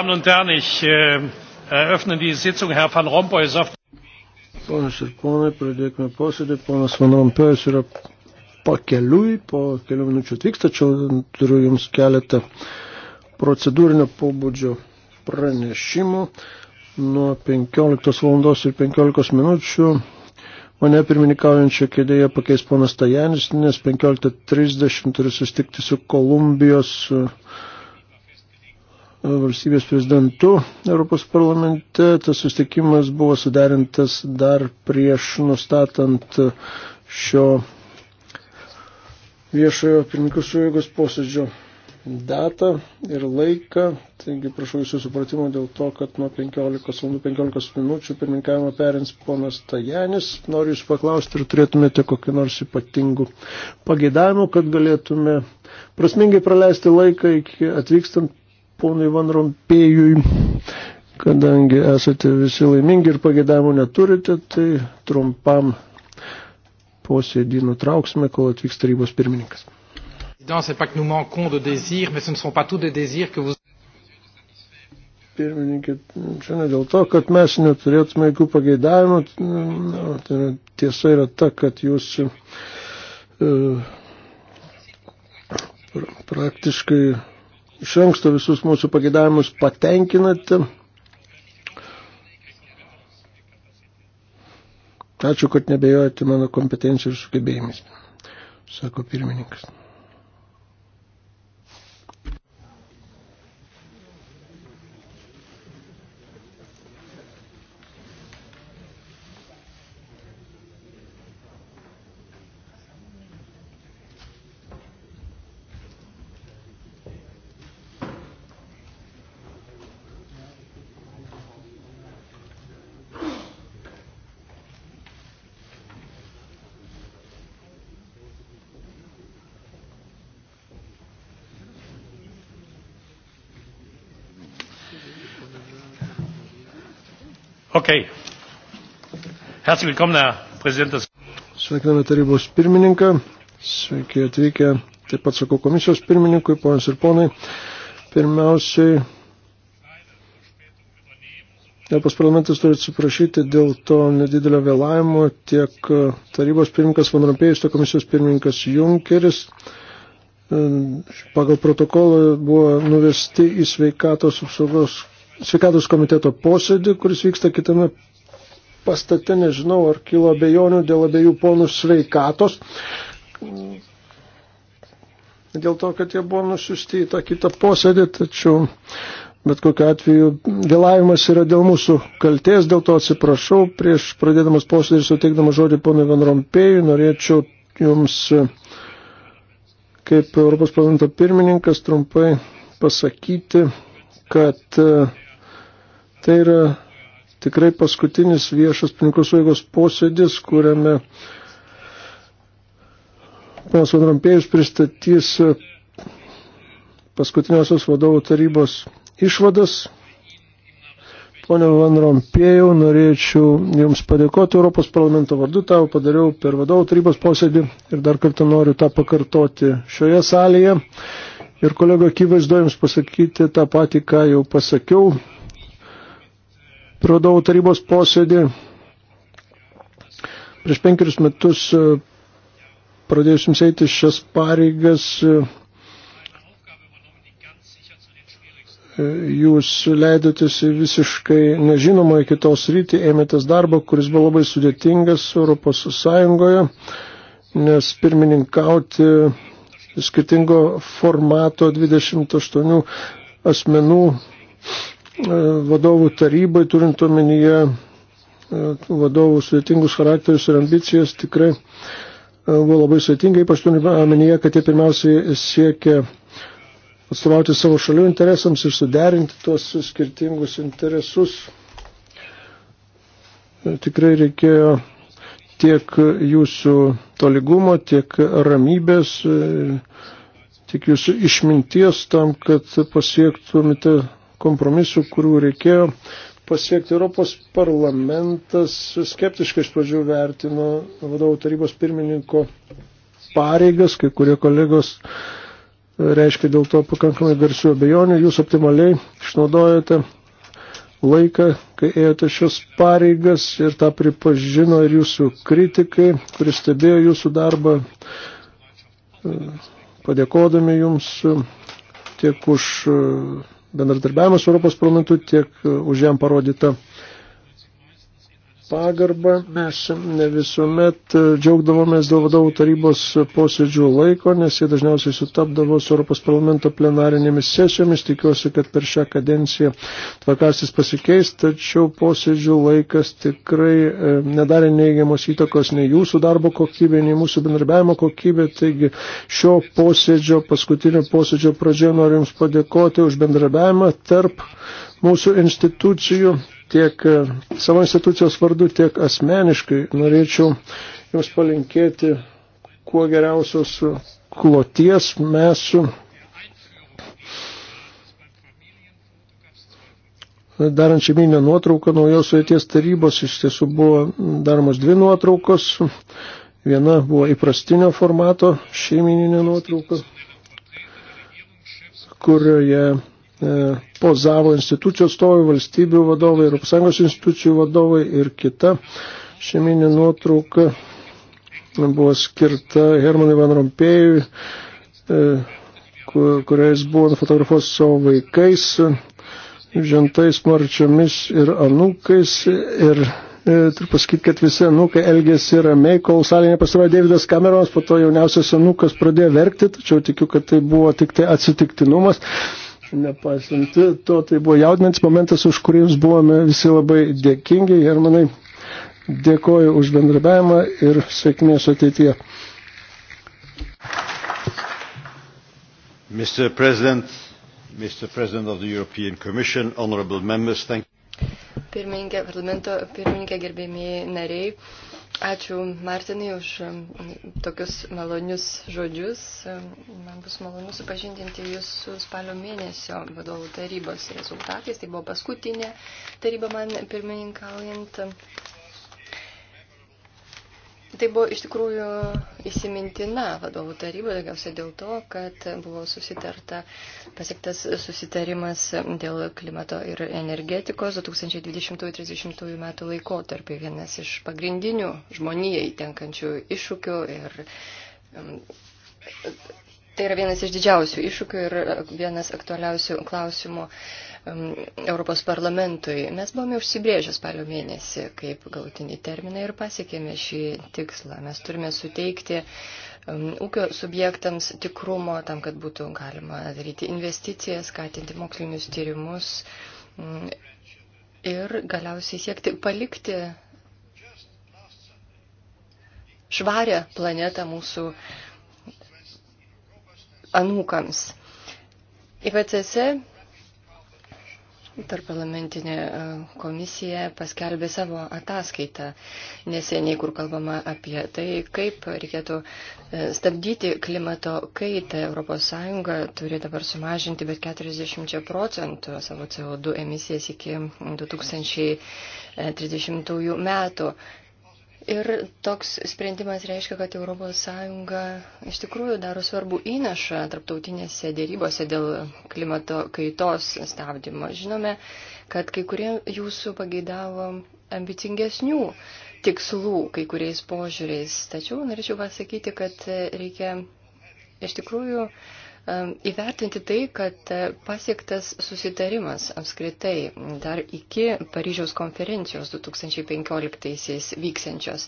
Damen und Herren, ich äh, eröffne die Sitzung. Herr Van Rompuy ist auf. Ponas ir ponai, pradėkime posėdį. Ponas Van Rompėjus yra pakeliui, po kelių minučių atvyks, tačiau turiu Jums keletą procedūrinio pobūdžio pranešimų. Nuo 15 valandos ir 15 minučių mane pirmininkaujančio kėdėje pakeis ponas Tajanis, nes 15.30 turiu sustikti su Kolumbijos uh, valstybės prezidentu Europos parlamente. Tas susitikimas buvo suderintas dar prieš nustatant šio viešojo pirmininkų suėgos posėdžio datą ir laiką. Taigi prašau jūsų supratimo dėl to, kad nuo 15 val. 15 minučių pirmininkavimą perins ponas Tajanis. Noriu jūs paklausti, ar turėtumėte kokį nors ypatingų pagėdavimų, kad galėtume prasmingai praleisti laiką iki atvykstant ponui Van Rompėjui, kadangi esate visi laimingi ir pagėdavimų neturite, tai trumpam posėdį nutrauksime, kol atvyks tarybos pirmininkas. Pirmininkė, čia ne dėl to, kad mes neturėtume jokių pageidavimų, na, tai yra, tiesa yra ta, kad jūs uh, praktiškai iš anksto visus mūsų pagėdavimus patenkinate. Ačiū, kad nebejojate mano kompetencijų ir sugebėjimais, sako pirmininkas. Okay. Herzlich willkommen, Herr Präsident des. Sveikiname tarybos pirmininką. Sveiki atvykę. Taip pat sakau komisijos pirmininkui, ponas ir ponai. Pirmiausiai, Europos parlamentas turi atsiprašyti dėl to nedidelio vėlavimo tiek tarybos pirmininkas Van Rompėjus, tiek komisijos pirmininkas Junkeris e, pagal protokolą buvo nuvesti į sveikatos apsaugos sveikatos komiteto posėdį, kuris vyksta kitame pastate, nežinau, ar kilo abejonių dėl abiejų ponų sveikatos. Dėl to, kad jie buvo nusiusti į tą kitą posėdį, tačiau bet kokiu atveju vėlavimas yra dėl mūsų kalties, dėl to atsiprašau. Prieš pradėdamas posėdį ir suteikdamas žodį ponui Van Rompėjui, norėčiau jums kaip Europos parlamento pirmininkas trumpai pasakyti, kad uh, Tai yra tikrai paskutinis viešas pinigų saugos posėdis, kuriame ponas Vanrampėjus pristatys paskutiniosios vadovų tarybos išvadas. Pone Van Rompėjau, norėčiau Jums padėkoti Europos parlamento vardu, tau padariau per vadovų tarybos posėdį ir dar kartą noriu tą pakartoti šioje salėje. Ir kolego akivaizdu Jums pasakyti tą patį, ką jau pasakiau pradovų tarybos posėdį. Prieš penkerius metus e, pradėjus jums eiti šias pareigas, e, e, jūs leidotės į visiškai nežinomą iki tos rytį, ėmėtės darbą, kuris buvo labai sudėtingas Europos Sąjungoje, nes pirmininkauti skirtingo formato 28 asmenų E, vadovų tarybai, turint omenyje e, vadovų sudėtingus charakterius ir ambicijas, tikrai e, buvo labai sudėtinga, ypač turint omenyje, kad jie pirmiausiai siekia atstovauti savo šalių interesams ir suderinti tuos skirtingus interesus. Tikrai reikėjo tiek jūsų toligumo, tiek ramybės, tiek jūsų išminties tam, kad pasiektumėte kompromisų, kurių reikėjo pasiekti. Europos parlamentas skeptiškai iš pradžių vertino vadovų tarybos pirmininko pareigas, kai kurie kolegos reiškia dėl to pakankamai garsių abejonių. Jūs optimaliai išnaudojate laiką, kai ėjote šios pareigas ir tą pripažino ir jūsų kritikai, kuris stebėjo jūsų darbą, padėkodami jums tiek už bendradarbiavimas su Europos parlamentu, tiek e, už jam parodytą pagarbą mes ne visuomet e, džiaugdavomės dėl vadovų tarybos posėdžių laiko, nes jie dažniausiai sutapdavo su Europos parlamento plenarinėmis sesijomis. Tikiuosi, kad per šią kadenciją tvarkarsis pasikeis, tačiau posėdžių laikas tikrai e, nedarė neigiamos įtakos nei jūsų darbo kokybė, nei mūsų bendarbiavimo kokybė. Taigi šio posėdžio, paskutinio posėdžio pradžioje noriu Jums padėkoti už bendarbiavimą tarp mūsų institucijų tiek e, savo institucijos vardu, tiek asmeniškai norėčiau Jums palinkėti kuo geriausios kloties mes darant šeiminę nuotrauką naujos vieties tarybos iš tiesų buvo daromos dvi nuotraukos. Viena buvo įprastinio formato šeimininė nuotrauka, kurioje E, pozavo institucijų atstovai, valstybių vadovai, ES institucijų vadovai ir kita šeiminė nuotrauka buvo skirta Hermanui Van Rompėjui, e, kuriais buvo nufotografuos savo vaikais, žentais, marčiomis ir anūkais. Ir e, turiu pasakyti, kad visi anūkai elgėsi ramiai, kol salėje pasirodė Davidas Kameronas, po to jauniausias anūkas pradėjo verkti, tačiau tikiu, kad tai buvo tik tai atsitiktinumas. Nepaisant to, tai buvo jaudinantis momentas, už kurį jūs buvome visi labai dėkingi. Hermanai, dėkoju už bendrabiavimą ir sėkmės ateityje. Mr. President, Mr. President of the European Commission, honorable members, thank you. Pirmininkė, parlamento pirmininkė, gerbėmiai nariai. Ačiū Martinai už um, tokius malonius žodžius. Um, man bus malonu supažindinti jūs su spalio mėnesio vadovų tarybos rezultatais. Tai buvo paskutinė taryba man pirmininkaujant. Tai buvo iš tikrųjų įsimintina vadovų taryba, daugiausia dėl to, kad buvo susitarta, pasiektas susitarimas dėl klimato ir energetikos 2020-2030 metų laikotarpį. Vienas iš pagrindinių žmonijai tenkančių iššūkių ir um, tai yra vienas iš didžiausių iššūkių ir vienas aktualiausių klausimų Europos parlamentui. Mes buvome užsibrėžę spalio mėnesį kaip galutinį terminą ir pasiekėme šį tikslą. Mes turime suteikti ūkio subjektams tikrumo tam, kad būtų galima daryti investicijas, skatinti mokslinius tyrimus ir galiausiai siekti palikti švarę planetą mūsų anūkams. IPCC Tarp parlamentinė e, komisija paskelbė savo ataskaitą neseniai, kur kalbama apie tai, kaip reikėtų e, stabdyti klimato kaitą. ES turi dabar sumažinti bet 40 procentų savo CO2 emisijas iki 2030 e, metų. Ir toks sprendimas reiškia, kad ES iš tikrųjų daro svarbų įnašą tarptautinėse dėrybose dėl klimato kaitos stabdymo. Žinome, kad kai kurie jūsų pageidavo ambicingesnių tikslų kai kuriais požiūriais. Tačiau norėčiau pasakyti, kad reikia iš tikrųjų uh, įvertinti tai, kad e, pasiektas susitarimas apskritai dar iki Paryžiaus konferencijos 2015-aisiais vyksiančios.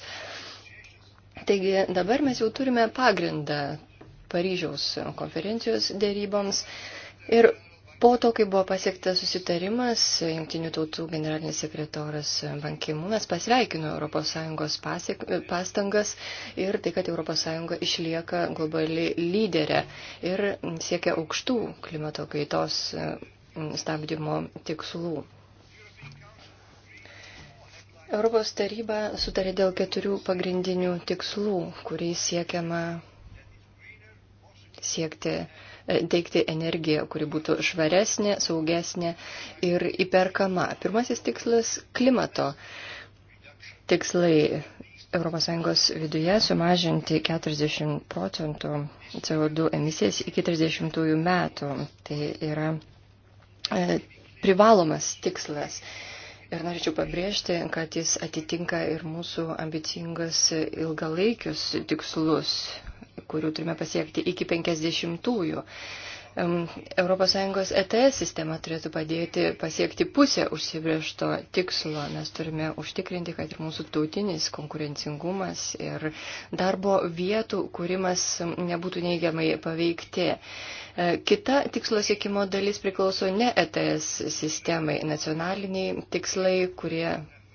Taigi dabar mes jau turime pagrindą Paryžiaus konferencijos dėryboms ir Po to, kai buvo pasiektas susitarimas, Junktinių tautų generalinis sekretoras Bankimūnas pasveikino ES pasiek, pastangas ir tai, kad ES išlieka globali lyderė ir siekia aukštų klimato kaitos stabdymo tikslų. Europos taryba sutarė dėl keturių pagrindinių tikslų, kuriais siekiama siekti teikti energiją, kuri būtų švaresnė, saugesnė ir įperkama. Pirmasis tikslas - klimato tikslai ES viduje sumažinti 40 procentų CO2 emisijas iki 30 metų. Tai yra e, privalomas tikslas. Ir norėčiau pabrėžti, kad jis atitinka ir mūsų ambicingas ilgalaikius tikslus, kurių turime pasiekti iki 50-ųjų. ES ETS sistema turėtų padėti pasiekti pusę užsibriešto tikslo. Mes turime užtikrinti, kad ir mūsų tautinis konkurencingumas ir darbo vietų kūrimas nebūtų neigiamai paveikti. E, kita tikslo siekimo dalis priklauso ne ETS sistemai, nacionaliniai tikslai, kurie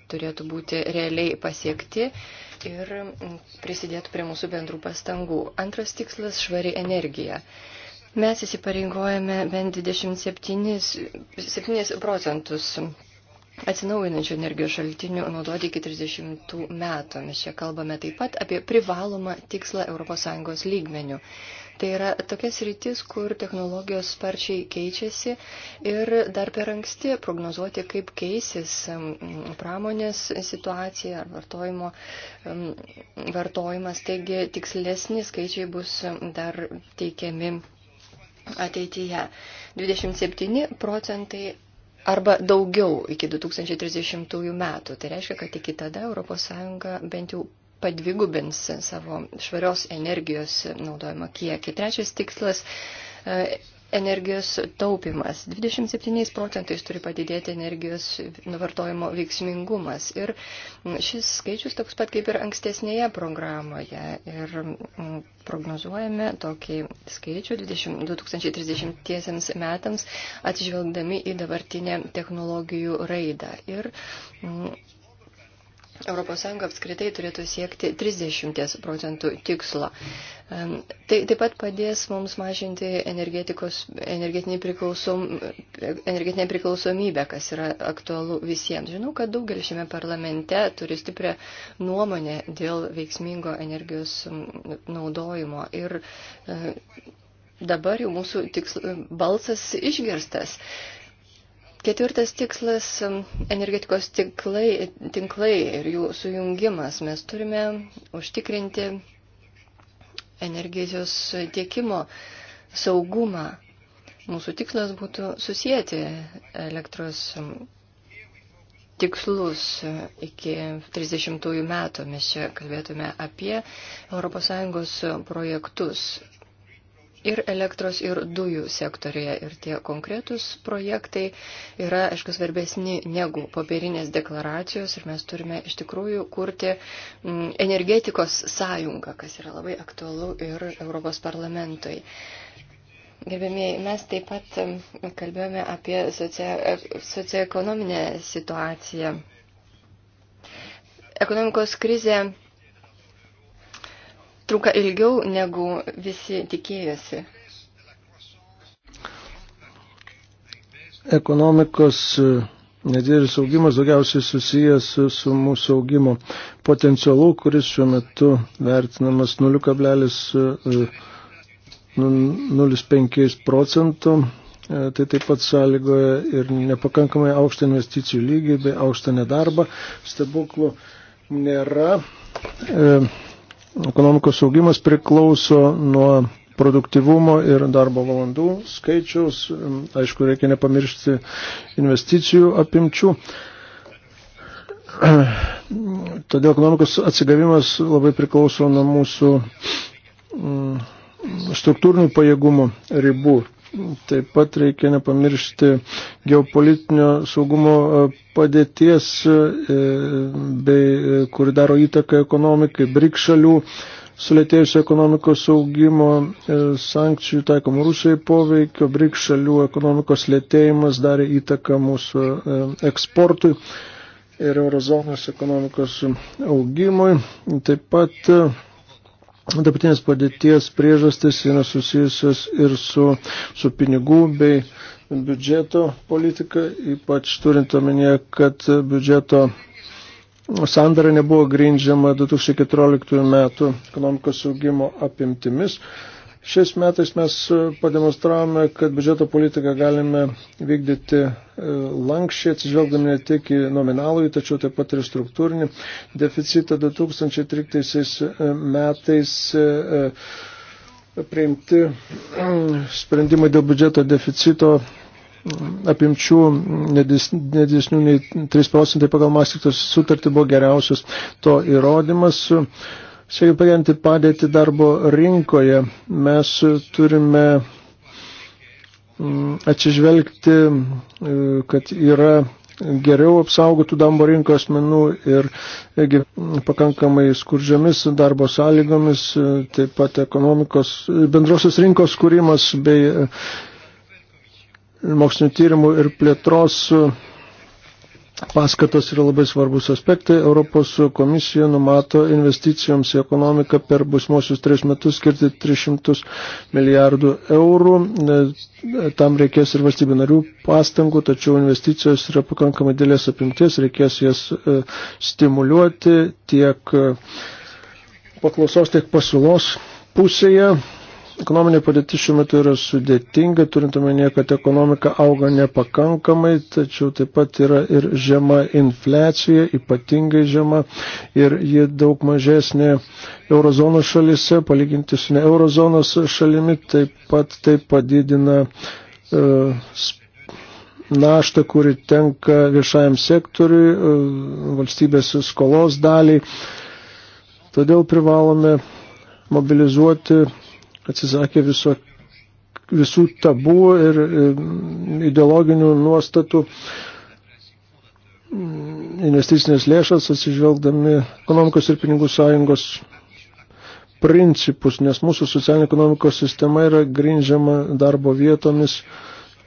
turėtų būti realiai pasiekti ir prisidėtų prie mūsų bendrų pastangų. Antras tikslas - švari energija. Mes įsipareigojame bent 27 procentus atsinaujinančių energijos šaltinių naudoti iki 30 metų. Mes čia kalbame taip pat apie privalomą tikslą ES lygmenių. Tai yra tokia sritis, kur technologijos sparčiai keičiasi ir dar per anksti prognozuoti, kaip keisis pramonės situacija ar vartojimo, vartojimas. Taigi tikslesni skaičiai bus dar teikiami ateityje. 27 procentai arba daugiau iki 2030 metų. Tai reiškia, kad iki tada ES bent jau padvigubins savo švarios energijos naudojimo kiekį. Trečias tikslas e, energijos taupimas. 27 procentais turi padidėti energijos nuvartojimo veiksmingumas. Ir šis skaičius toks pat kaip ir ankstesnėje programoje. Ir mm, prognozuojame tokį skaičių 2030 metams atsižvelgdami į dabartinę technologijų raidą. Ir mm, ES apskritai turėtų siekti 30 procentų tikslo. Tai taip pat padės mums mažinti energetinę priklausom, energetinė priklausomybę, kas yra aktualu visiems. Žinau, kad daugelis šiame parlamente turi stiprią nuomonę dėl veiksmingo energijos naudojimo. Ir e, dabar jau mūsų tiksl, balsas išgirstas. Ketvirtas tikslas - energetikos tinklai, tinklai ir jų sujungimas. Mes turime užtikrinti energijos tiekimo saugumą. Mūsų tikslas būtų susijęti elektros tikslus iki 30 metų. Mes čia kalbėtume apie ES projektus ir elektros, ir dujų sektorėje. Ir tie konkretūs projektai yra, aišku, svarbesni negu popierinės deklaracijos ir mes turime iš tikrųjų kurti mm, energetikos sąjungą, kas yra labai aktualu ir Europos parlamentui. Gerbėmieji, mes taip pat mm, kalbėjome apie socioekonominę situaciją. Ekonomikos krizė truka ilgiau negu visi tikėjosi. Ekonomikos e, Nedidelis augimas daugiausiai susijęs su, su mūsų augimo potencialu, kuris šiuo metu vertinamas 0,05 e, nu, procentų. E, tai taip pat sąlygoja ir nepakankamai aukštą investicijų lygį bei aukštą nedarbą. Stebuklų nėra. E, ekonomikos augimas priklauso nuo produktivumo ir darbo valandų skaičiaus. Aišku, reikia nepamiršti investicijų apimčių. Todėl ekonomikos atsigavimas labai priklauso nuo mūsų mm, struktūrinių pajėgumų ribų. Taip pat reikia nepamiršti geopolitinio saugumo e, padėties, e, bei e, kuri daro įtaką ekonomikai, brik šalių sulėtėjusio ekonomikos augimo, sankcijų taikomų Rusijai poveikio, brik šalių ekonomikos lėtėjimas darė įtaką mūsų eksportui ir eurozonos ekonomikos augimui. Taip pat Dabartinės padėties priežastis yra susijusios ir su, su pinigų bei biudžeto politika, ypač turint omenyje, kad biudžeto sandara nebuvo grindžiama 2014 metų ekonomikos augimo apimtimis. Šiais metais mes e, pademonstravome, kad biudžeto politiką galime vykdyti e, lankščiai, atsižvelgdami ne tik į nominalųjį, tačiau taip pat ir struktūrinį deficitą 2013 e, metais priimti sprendimai dėl biudžeto deficito mm, apimčių mm, nedidesnių nei 3 procentai pagal Mastriktos sutartį buvo geriausias to įrodymas. Siekia pagerinti padėtį darbo rinkoje, mes turime mm, atsižvelgti, e, kad yra geriau apsaugotų darbo rinkos menų ir irgi pakankamai skurdžiomis darbo sąlygomis, e, taip pat ekonomikos, bendrosios rinkos kūrimas bei e, mokslinio tyrimų ir plėtros paskatos yra labai svarbus aspektai. Europos komisija numato investicijoms į ekonomiką per busmosius tris metus skirti 300 milijardų eurų. Tam reikės ir valstybių narių pastangų, tačiau investicijos yra pakankamai dėlės apimties, reikės jas e, stimuliuoti tiek e, paklausos, tiek pasiūlos pusėje. Ekonominė padėtis šiuo metu yra sudėtinga, turint omenyje, kad ekonomika auga nepakankamai, tačiau taip pat yra ir žema inflecija, ypatingai žema, ir ji daug mažesnė eurozonos šalise, palyginti su ne eurozonos šalimi, taip pat tai padidina uh, naštą, kuri tenka viešajam sektoriui, e, valstybės skolos daliai. Todėl privalome mobilizuoti atsisakė viso, visų tabų ir mm, ideologinių nuostatų mm, investicinės lėšas atsižvelgdami ekonomikos ir pinigų sąjungos principus, nes mūsų socialinė ekonomikos sistema yra grindžiama darbo vietomis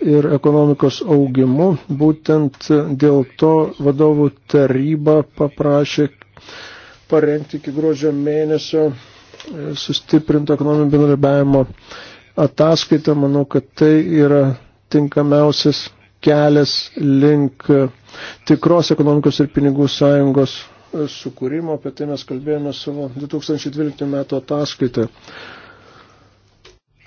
ir ekonomikos augimu. Būtent dėl to vadovų taryba paprašė parengti iki gruodžio mėnesio sustiprinto ekonominio bendradarbiavimo ataskaitą. Manau, kad tai yra tinkamiausias kelias link tikros ekonomikos ir pinigų sąjungos sukūrimo. Apie tai mes kalbėjome savo 2012 metų ataskaitoje.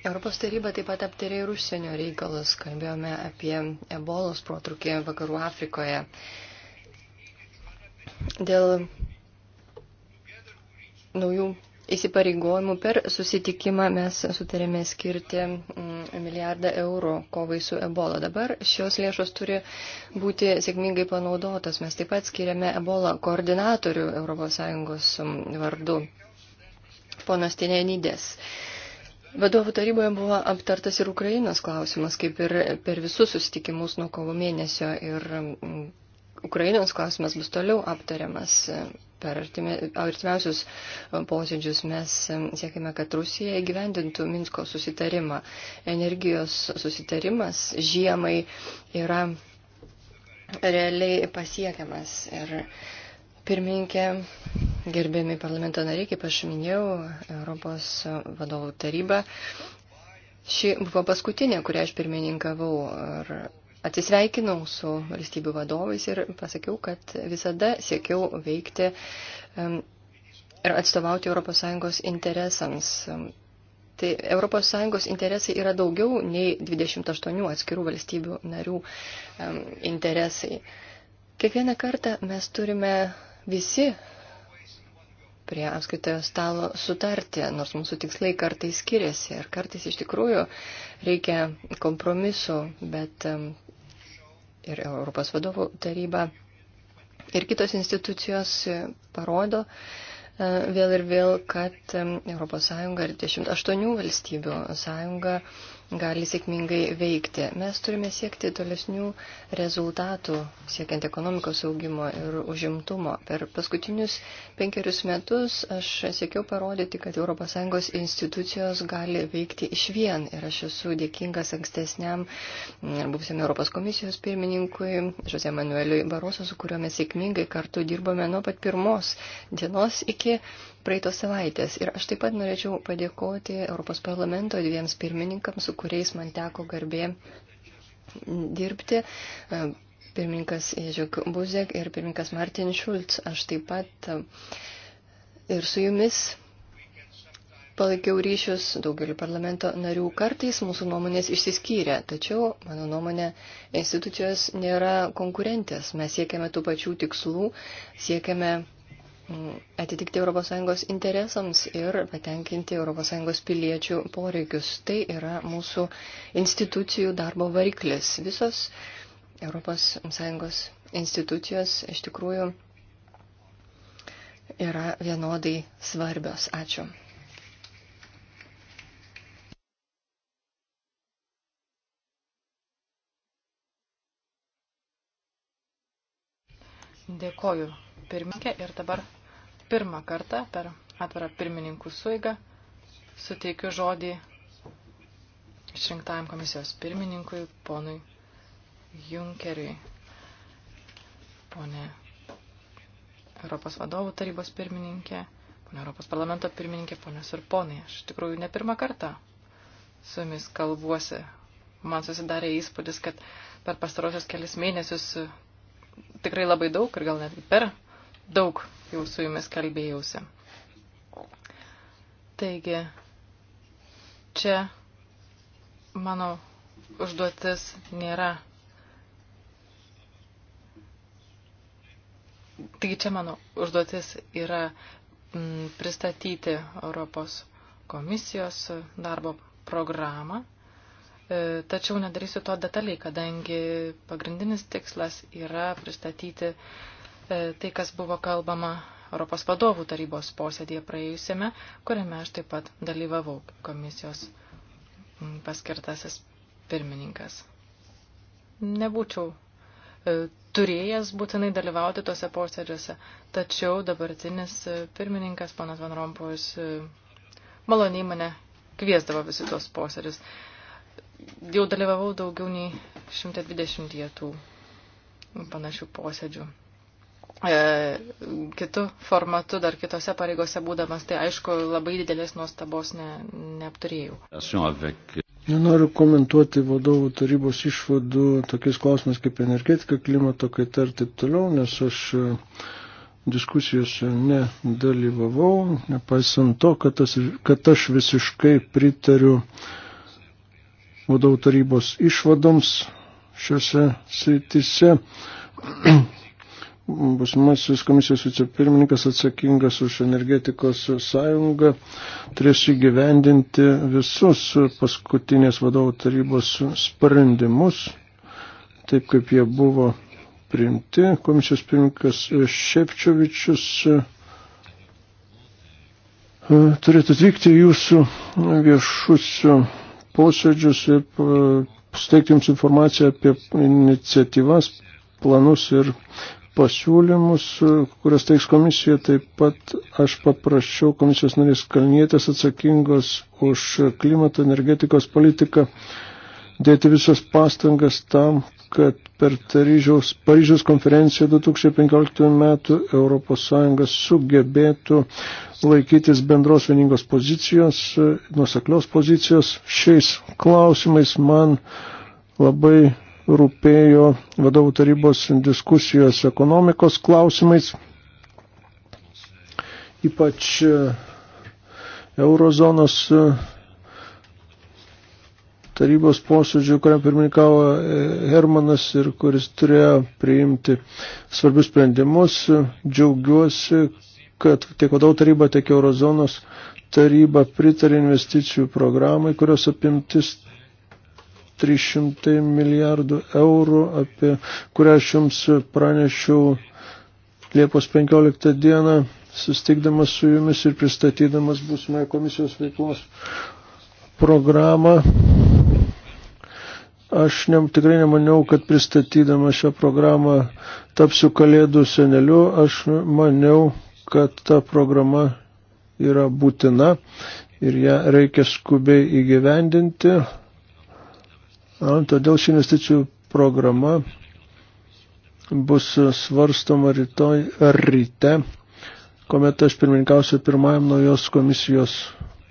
Europos taryba taip pat aptarė ir užsienio reikalus. Kalbėjome apie ebolos protrukį vakarų Afrikoje. Dėl naujų įsipareigojimų per susitikimą mes sutarėme skirti mm, milijardą eurų kovai su ebola. Dabar šios lėšos turi būti sėkmingai panaudotos. Mes taip pat skiriame ebola koordinatorių ES mm, vardu, ponas Tinenydės. Vadovų taryboje buvo aptartas ir Ukrainos klausimas, kaip ir per visus susitikimus nuo kovo mėnesio. Ir mm, Ukrainos klausimas bus toliau aptariamas Per artimiausius um, posėdžius mes um, siekime, kad Rusija įgyvendintų Minsko susitarimą. Energijos susitarimas žiemai yra realiai pasiekiamas. Ir pirmininkė, gerbėmi parlamento nariai, kaip aš minėjau, Europos vadovų taryba Ši buvo paskutinė, kurią aš pirmininkavau. Ir atsisveikinau su valstybių vadovais ir pasakiau, kad visada siekiau veikti ir atstovauti ES interesams. Tai ES interesai yra daugiau nei 28 atskirų valstybių narių interesai. Kiekvieną kartą mes turime visi prie apskaitojo stalo sutarti, nors mūsų tikslai kartais skiriasi ir kartais iš tikrųjų reikia kompromisu, bet ir Europos vadovų taryba ir kitos institucijos parodo e, vėl ir vėl, kad ES ir 28 valstybių sąjunga gali sėkmingai veikti. Mes turime siekti tolesnių rezultatų, siekiant ekonomikos augimo ir užimtumo. Per paskutinius penkerius metus aš siekiau parodyti, kad ES institucijos gali veikti iš vien. Ir aš esu dėkingas ankstesniam mm, buvusiam Europos komisijos pirmininkui, Žose Manueliui Baroso, su kuriuo mes sėkmingai kartu dirbome nuo pat pirmos dienos iki praeitos savaitės. Ir aš taip pat norėčiau padėkoti Europos parlamento dviems pirmininkams, su kuriais man teko garbė dirbti. E, pirmininkas Ježiuk Buzek ir pirmininkas Martin Šulc. Aš taip pat e, ir su jumis palaikiau ryšius daugeliu parlamento narių. Kartais mūsų nuomonės išsiskyrė, tačiau, mano nuomonė, institucijos nėra konkurentės. Mes siekiame tų pačių tikslų, siekiame atitikti ES interesams ir patenkinti ES piliečių poreikius. Tai yra mūsų institucijų darbo variklis. Visos ES institucijos iš tikrųjų yra vienodai svarbios. Ačiū. Dėkoju pirmininkė ir dabar pirmą kartą per atvarą pirmininkų suigą suteikiu žodį išrinktajam komisijos pirmininkui, ponui Junkeriui, ponė Europos vadovų tarybos pirmininkė, ponė Europos parlamento pirmininkė, ponės ir ponai. Aš tikrųjų ne pirmą kartą su jumis kalbuosi. Man susidarė įspūdis, kad per pastarosios kelias mėnesius tikrai labai daug ir gal net per daug jau su jumis kalbėjausi. Taigi, čia mano užduotis nėra. Taigi čia mano užduotis yra m, mm, pristatyti Europos komisijos darbo programą, e, tačiau nedarysiu to detaliai, kadangi pagrindinis tikslas yra pristatyti e, E, tai, kas buvo kalbama Europos vadovų tarybos posėdėje praėjusiame, kuriame aš taip pat dalyvavau komisijos paskirtasis pirmininkas. Nebūčiau e, turėjęs būtinai dalyvauti tose posėdžiuose, tačiau dabartinis e, pirmininkas, panas Van Rompojus, maloniai mane kviesdavo visi tos posėdžius. Jau dalyvavau daugiau nei 120 tų panašių posėdžių. E, kitų formatų, dar kitose pareigose būdamas, tai aišku, labai didelės nuostabos ne, neapturėjau. Nenoriu komentuoti vadovų tarybos išvadų tokiais klausimais kaip energetika, klimato kaita ir taip toliau, nes aš e, diskusijose nedalyvavau, nepaisant to, kad, tas, kad aš visiškai pritariu vadovų tarybos išvadoms šiuose srityse. Būsimasis komisijos vicepirmininkas atsakingas už energetikos sąjungą turės įgyvendinti visus paskutinės vadovų tarybos sprendimus, taip kaip jie buvo priimti. Komisijos pirmininkas Šepčiovičius e, turėtų atvykti jūsų viešus posėdžius ir e, steigti jums informaciją apie iniciatyvas, planus ir pasiūlymus, kurias teiks komisija. Taip pat aš paprašiau komisijos narės Kalnietės atsakingos už klimato energetikos politiką dėti visas pastangas tam, kad per Taryžiaus, Paryžiaus konferenciją 2015 metų ES sugebėtų laikytis bendros vieningos pozicijos, nuseklios pozicijos. Šiais klausimais man labai rūpėjo vadovų tarybos diskusijos ekonomikos klausimais, ypač e, eurozonos e, tarybos posėdžių, kuriam pirmininkavo e, Hermanas ir kuris turėjo priimti svarbius sprendimus. Džiaugiuosi, kad tiek vadovų taryba, tiek eurozonos taryba pritarė investicijų programai, kurios apimtis 300 milijardų eurų, apie kurią aš jums pranešiau Liepos 15 dieną, sustikdamas su jumis ir pristatydamas būsimąją komisijos veiklos programą. Aš ne, tikrai nemaniau, kad pristatydama šią programą tapsiu kalėdų seneliu. Aš maniau, kad ta programa yra būtina ir ją reikia skubiai įgyvendinti. Todėl ši investicijų programa bus svarstoma rytoj ryte, kuomet aš pirmininkausiu pirmajam naujos komisijos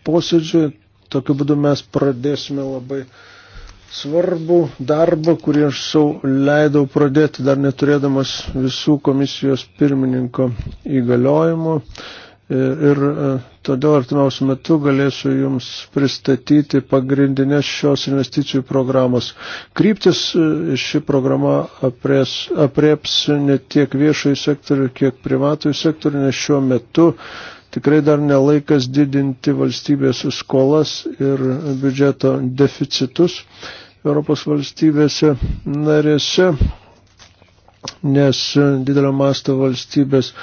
posėdžiui. Tokiu būdu mes pradėsime labai svarbų darbą, kurį aš sau leidau pradėti dar neturėdamas visų komisijos pirmininko įgaliojimų. Ir e, todėl artimiausiu metu galėsiu Jums pristatyti pagrindinės šios investicijų programos. Kryptis e, ši programa aprės, aprieps ne tiek viešai sektorių, kiek privatų sektorių, nes šiuo metu tikrai dar nelaikas didinti valstybės skolas ir biudžeto deficitus Europos valstybėse narėse nes didelio masto valstybės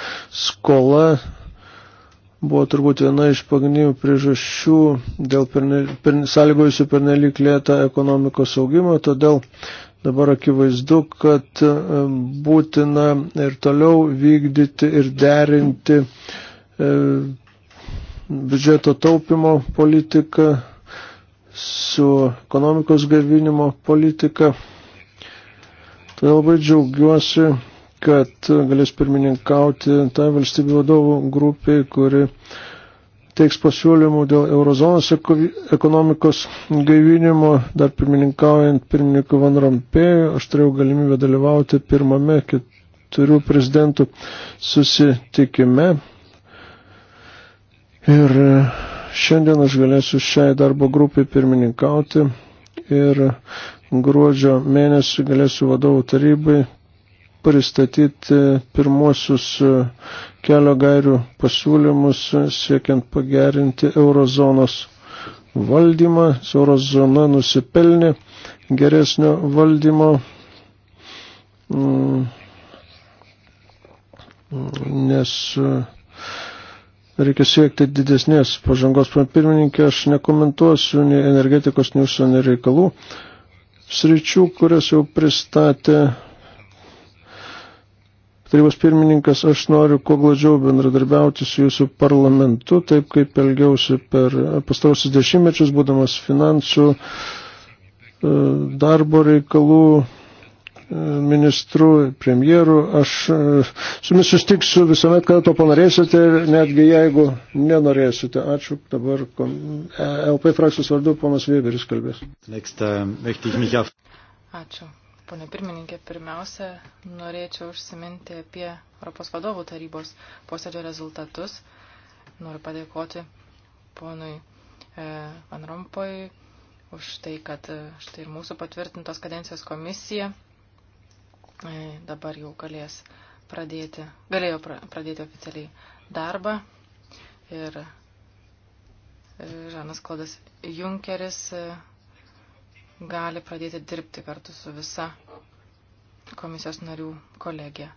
skola buvo turbūt viena iš pagrindinių priežasčių dėl perne, per, sąlygojusių pernelyg lėtą ekonomikos augimą, todėl dabar akivaizdu, kad e, būtina ir toliau vykdyti ir derinti e, biudžeto taupimo politiką su ekonomikos gavinimo politika. Todėl labai džiaugiuosi kad galės pirmininkauti tai valstybių vadovų grupiai, kuri teiks pasiūlymų dėl eurozonos ekonomikos gaivinimo, dar pirmininkaujant pirmininku Van Rompėjui, aš turėjau galimybę dalyvauti pirmame keturių prezidentų susitikime. Ir e, šiandien aš galėsiu šiai darbo grupiai pirmininkauti ir gruodžio mėnesį galėsiu vadovų tarybai pristatyti pirmosius e, kelio gairių pasiūlymus e, siekiant pagerinti eurozonos valdymą. Eurozona nusipelnė geresnio valdymo, mm. nes e, reikia siekti didesnės pažangos. Pirmininkė, aš nekomentuosiu nei energetikos, nei užsienio reikalų sričių, kurias jau pristatė Tarybos pirmininkas, aš noriu kuo glaudžiau bendradarbiauti su jūsų parlamentu, taip kaip elgiausi per pastarosius dešimtmečius, būdamas finansų e, darbo reikalų e, ministrų, premjerų. Aš e, su jumis sustiksiu visuomet, kada to panorėsite ir netgi jeigu nenorėsite. Ačiū. Dabar LP frakcijos vardu ponas Weberis kalbės. Uh, Ačiū. Pone pirmininkė, pirmiausia, norėčiau užsiminti apie Europos vadovų tarybos posėdžio rezultatus. Noriu padėkoti ponui e, Van Rompoj už tai, kad e, štai ir mūsų patvirtintos kadencijos komisija e, dabar jau galės pradėti, galėjo pradėti oficialiai darbą. Ir Žanas Klodas Junkeris gali pradėti dirbti kartu su visa komisijos narių kolegija.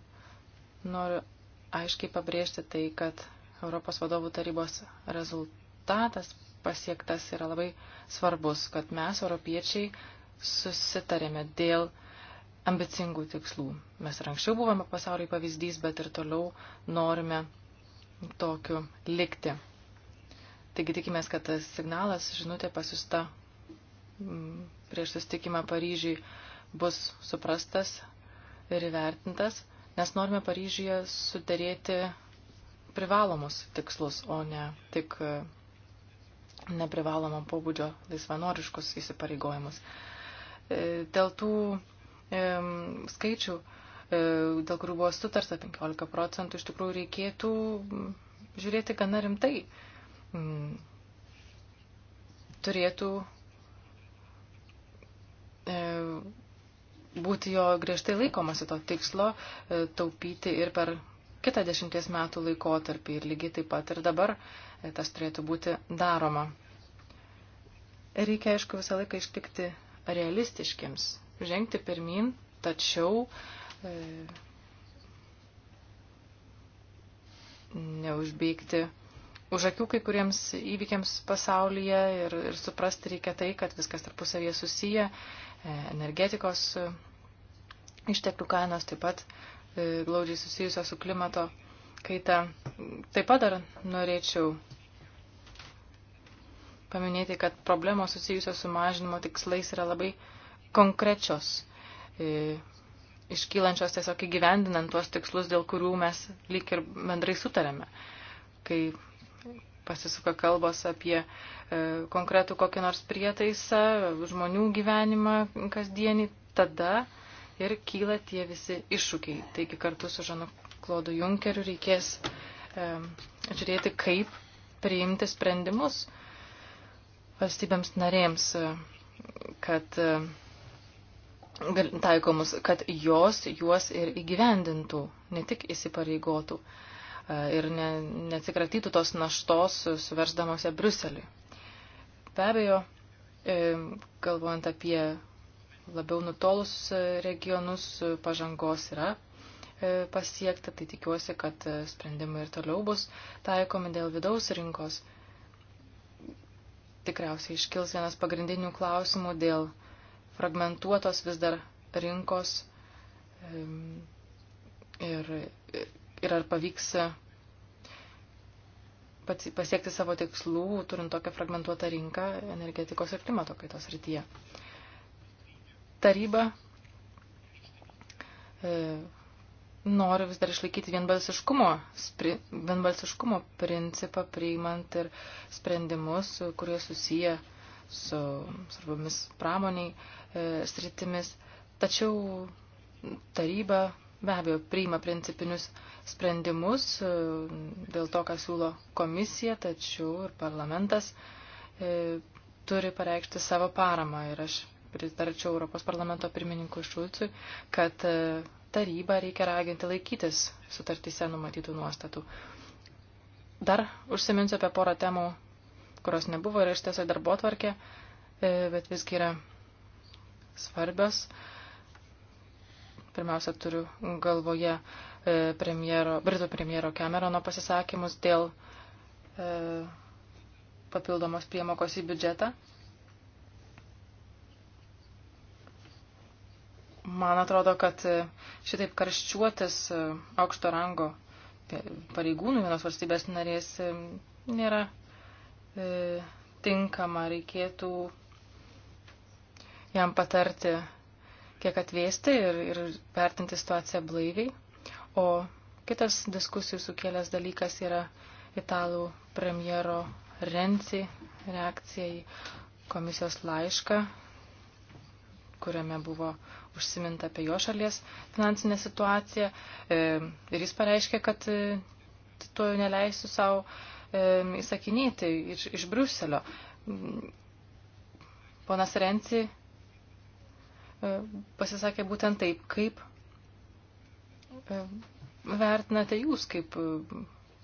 Noriu aiškiai pabrėžti tai, kad Europos vadovų tarybos rezultatas pasiektas yra labai svarbus, kad mes, europiečiai, susitarėme dėl ambicingų tikslų. Mes ir anksčiau buvome pasaulio pavyzdys, bet ir toliau norime tokiu likti. Taigi tikimės, kad tas signalas, žinutė pasiusta prieš susitikimą Paryžiui bus suprastas ir įvertintas, nes norime Paryžyje sudarėti privalomus tikslus, o ne tik e, neprivalomo pobūdžio laisvanoriškus įsipareigojimus. E, dėl tų e, skaičių, e, dėl kurių buvo sutarta 15 procentų, iš tikrųjų reikėtų žiūrėti gana rimtai. Turėtų E, būti jo griežtai laikomasi to tikslo e, taupyti ir per kitą dešimties metų laikotarpį ir lygiai taip pat ir dabar e, tas turėtų būti daroma. Reikia, aišku, visą laiką išlikti realistiškiams, žengti pirmin, tačiau e, neužbėgti už akių kai kuriems įvykiams pasaulyje ir, ir suprasti reikia tai, kad viskas tarpusavėje susiję E, energetikos e, išteklių kainos, taip pat e, glaudžiai susijusios su klimato kaita. Taip pat dar norėčiau paminėti, kad problemos susijusios su mažinimo tikslais yra labai konkrečios, iškylančios tiesiog įgyvendinant tuos tikslus, dėl kurių mes lyg ir bendrai sutarėme. Kai pasisuka kalbos apie e, konkretų kokį nors prietaisą, žmonių gyvenimą kasdienį, tada ir kyla tie visi iššūkiai. Taigi kartu su Žanu Klodu Junkeriu reikės e, žiūrėti, kaip priimti sprendimus valstybėms narėms, e, kad e, taikomus, kad jos juos ir įgyvendintų, ne tik įsipareigotų. E, E, ir ne, neatsikratytų tos naštos suversdamose Briuseliui. Be abejo, e, galvojant apie labiau nutolus regionus, pažangos yra e, pasiekta, tai tikiuosi, kad sprendimai ir toliau bus taikomi dėl vidaus rinkos. Tikriausiai iškils vienas pagrindinių klausimų dėl fragmentuotos vis dar rinkos ir ir ar pavyks e, pasiekti savo tikslų, turint tokią fragmentuotą rinką energetikos ir klimato kaitos rytyje. Taryba e, nori vis dar išlaikyti vienbalsiškumo, spri, vienbalsiškumo principą, priimant ir sprendimus, kurie susiję su svarbomis pramoniai e, sritimis. Tačiau taryba be abejo priima principinius sprendimus e, dėl to, ką siūlo komisija, tačiau ir parlamentas e, turi pareikšti savo paramą. Ir aš pritarčiau Europos parlamento pirmininkui Šulcui, kad e, tarybą reikia raginti laikytis sutartyse numatytų nuostatų. Dar užsiminsiu apie porą temų, kurios nebuvo ir iš tiesų darbo tvarkė, e, bet visgi yra svarbios. E, Pirmiausia, turiu galvoje e, premjero, Britų premjero Camerono pasisakymus dėl e, papildomos priemokos į biudžetą. Man atrodo, kad e, šitaip karščiuotis e, aukšto rango pareigūnų vienos valstybės narės nėra e, tinkama. Reikėtų jam patarti kiek atvėsti ir, ir vertinti situaciją blaiviai. O kitas diskusijų sukėlęs dalykas yra italų premjero Renzi reakcija į komisijos laišką, kuriame buvo užsiminta apie jo šalies finansinę situaciją. E, ir jis pareiškė, kad e, to neleisiu savo e, įsakinėti iš, iš Briuselio. Ponas Renzi E, pasisakė būtent taip, kaip e, vertinate jūs kaip e,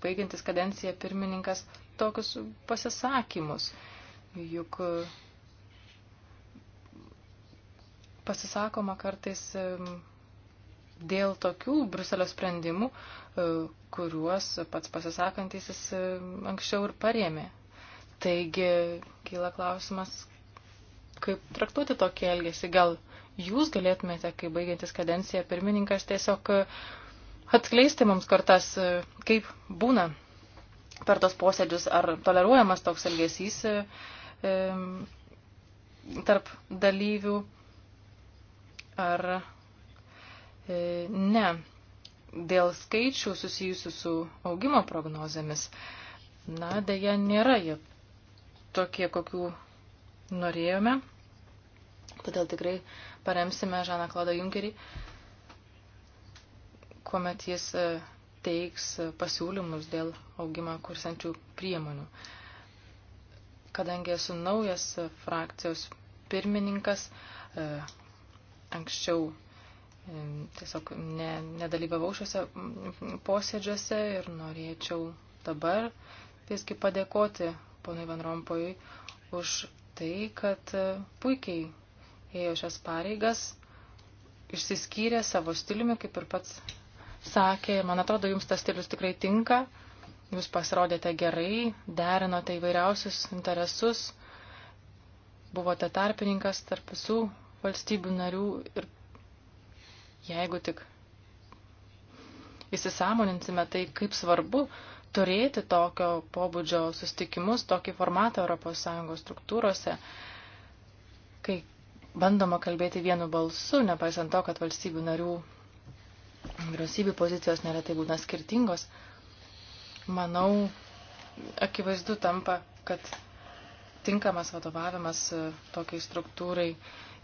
baigiantis kadenciją pirmininkas tokius pasisakymus. Juk pasisakoma kartais dėl tokių Bruselio sprendimų, kuriuos pats pasisakantysis anksčiau ir parėmė. Taigi, kyla klausimas, kaip traktuoti tokį elgesį. Gal jūs galėtumėte, kai baigiantis kadenciją pirmininkas, tiesiog e, atskleisti mums kartas, e, kaip būna per tos posėdžius, ar toleruojamas toks elgesys e, tarp dalyvių, ar ne. Dėl skaičių susijusių su augimo prognozėmis, na, dėja, nėra jie tokie, kokių norėjome. Todėl tikrai paremsime Žaną Klodą Junkerį, kuomet jis e, teiks e, pasiūlymus dėl augimą kursančių priemonių. Kadangi esu naujas e, frakcijos pirmininkas, anksčiau tiesiog ne, nedalyvavau šiuose posėdžiuose ir norėčiau dabar visgi padėkoti ponui Van Rompojui už tai, kad puikiai ėjo šias pareigas, išsiskyrė savo stiliumi, kaip ir pats sakė. Man atrodo, jums tas stilius tikrai tinka, jūs pasirodėte gerai, derinote įvairiausius interesus, buvote tarpininkas tarp visų valstybių narių ir jeigu tik įsisamoninsime tai, kaip svarbu turėti tokio pobūdžio sustikimus, tokį formatą ES struktūrose, kai bandoma kalbėti vienu balsu, nepaisant to, kad valstybių narių vyriausybių pozicijos neretai būna skirtingos, manau, akivaizdu tampa, kad tinkamas vadovavimas e, tokiai struktūrai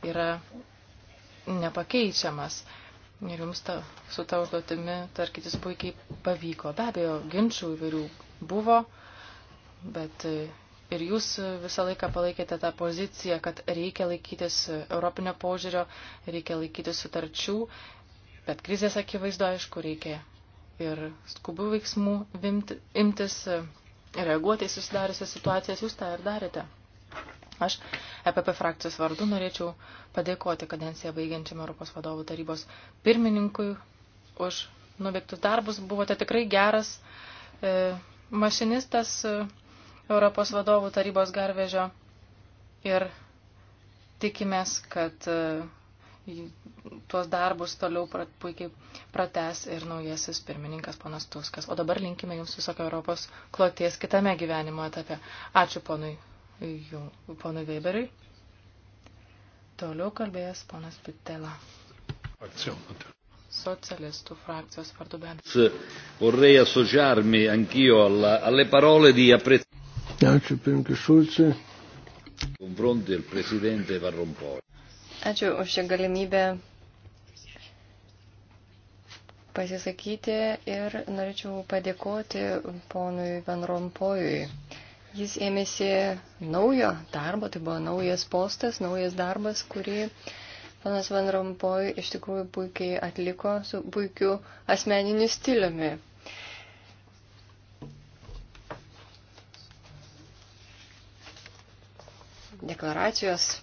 yra nepakeičiamas. Ir jums ta, su ta užduotimi tarkytis puikiai pavyko. Be abejo, ginčių įvairių buvo, bet e, ir jūs visą laiką palaikėte tą poziciją, kad reikia laikytis europinio požiūrio, reikia laikytis sutarčių, bet krizės akivaizdu, aišku, reikia ir skubių veiksmų imtis, reaguoti į susidariusią situaciją, jūs tą ir darėte. Aš EPP frakcijos vardu norėčiau padėkoti kadenciją baigiančiam Europos vadovų tarybos pirmininkui už nuveiktus darbus. Buvote tikrai geras e, mašinistas. E, Europos vadovų tarybos garvežio ir tikimės, kad e, tuos darbus toliau prat, puikiai prates ir naujasis pirmininkas ponas Tuskas. O dabar linkime jums visokio Europos kloties kitame gyvenimo etape. Ačiū ponui, jų, ponui Weberiui. Toliau kalbėjęs ponas Pitela. Socialistų frakcijos vardu bent. Vorrei associarmi anch'io alle parole di apprezzamento. Ačiū, Pinkis Šulcai. Ačiū už šią galimybę pasisakyti ir norėčiau padėkoti ponui Van Rompojui. Jis ėmėsi naujo darbo, tai buvo naujas postas, naujas darbas, kurį ponas Van Rompoj iš tikrųjų puikiai atliko su puikiu asmeniniu stiliumi. deklaracijos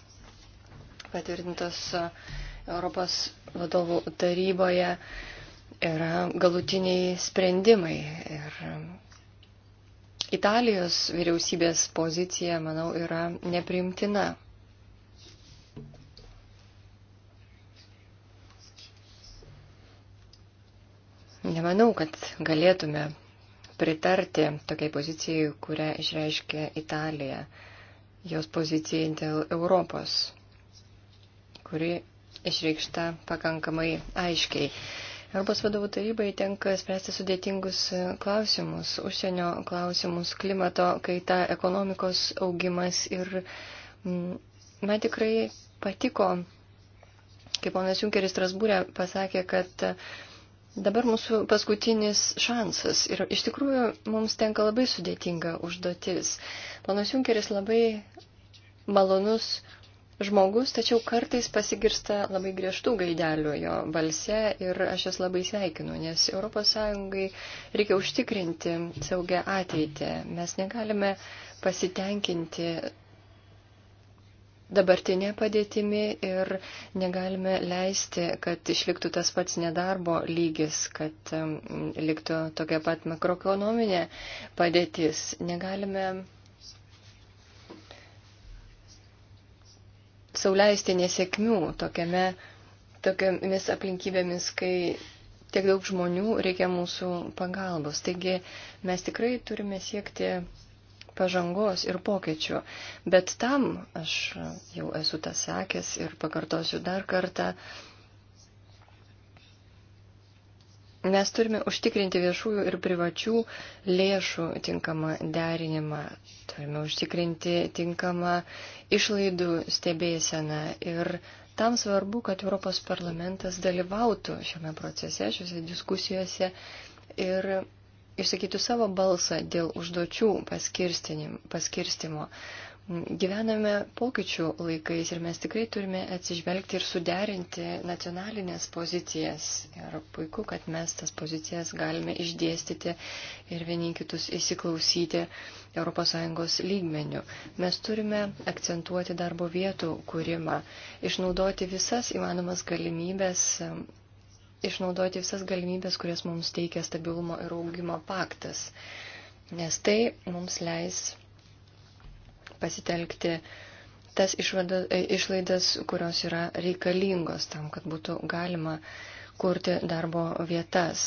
patvirtintos Europos vadovų taryboje yra galutiniai sprendimai. Ir Italijos vyriausybės pozicija, manau, yra nepriimtina. Nemanau, kad galėtume pritarti tokiai pozicijai, kurią išreiškė Italija jos pozicijai dėl Europos, kuri išreikšta pakankamai aiškiai. Europos vadovų tarybai tenka spręsti sudėtingus klausimus - užsienio klausimus, klimato kaita, ekonomikos augimas ir mm, man tikrai patiko, kaip ponas Junkeris Strasbūrė pasakė, kad uh, Dabar mūsų paskutinis šansas ir iš tikrųjų mums tenka labai sudėtinga užduotis. Panas Junkeris labai malonus žmogus, tačiau kartais pasigirsta labai griežtų gaidelių jo balse ir aš jas labai sveikinu, nes ES reikia užtikrinti saugę ateitį. Mes negalime pasitenkinti dabartinė padėtimi ir negalime leisti, kad išliktų tas pats nedarbo lygis, kad liktų tokia pat makroekonominė padėtis. Negalime sauliaisti nesėkmių tokiame, tokiamis aplinkybėmis, kai tiek daug žmonių reikia mūsų pagalbos. Taigi mes tikrai turime siekti pažangos ir pokyčių. Bet tam, aš jau esu tą sakęs ir pakartosiu dar kartą, mes turime užtikrinti viešųjų ir privačių lėšų tinkamą derinimą, turime užtikrinti tinkamą išlaidų stebėseną ir tam svarbu, kad Europos parlamentas dalyvautų šiame procese, šiuose diskusijose ir išsakytų savo balsą dėl užduočių paskirstimo. Gyvename pokyčių laikais ir mes tikrai turime atsižvelgti ir suderinti nacionalinės pozicijas. Ir puiku, kad mes tas pozicijas galime išdėstyti ir vieni kitus įsiklausyti ES lygmenių. Mes turime akcentuoti darbo vietų kūrimą, išnaudoti visas įmanomas galimybės išnaudoti visas galimybės, kurias mums teikia stabilumo ir augimo paktas. Nes tai mums leis pasitelkti tas išvada, e, išlaidas, kurios yra reikalingos tam, kad būtų galima kurti darbo vietas.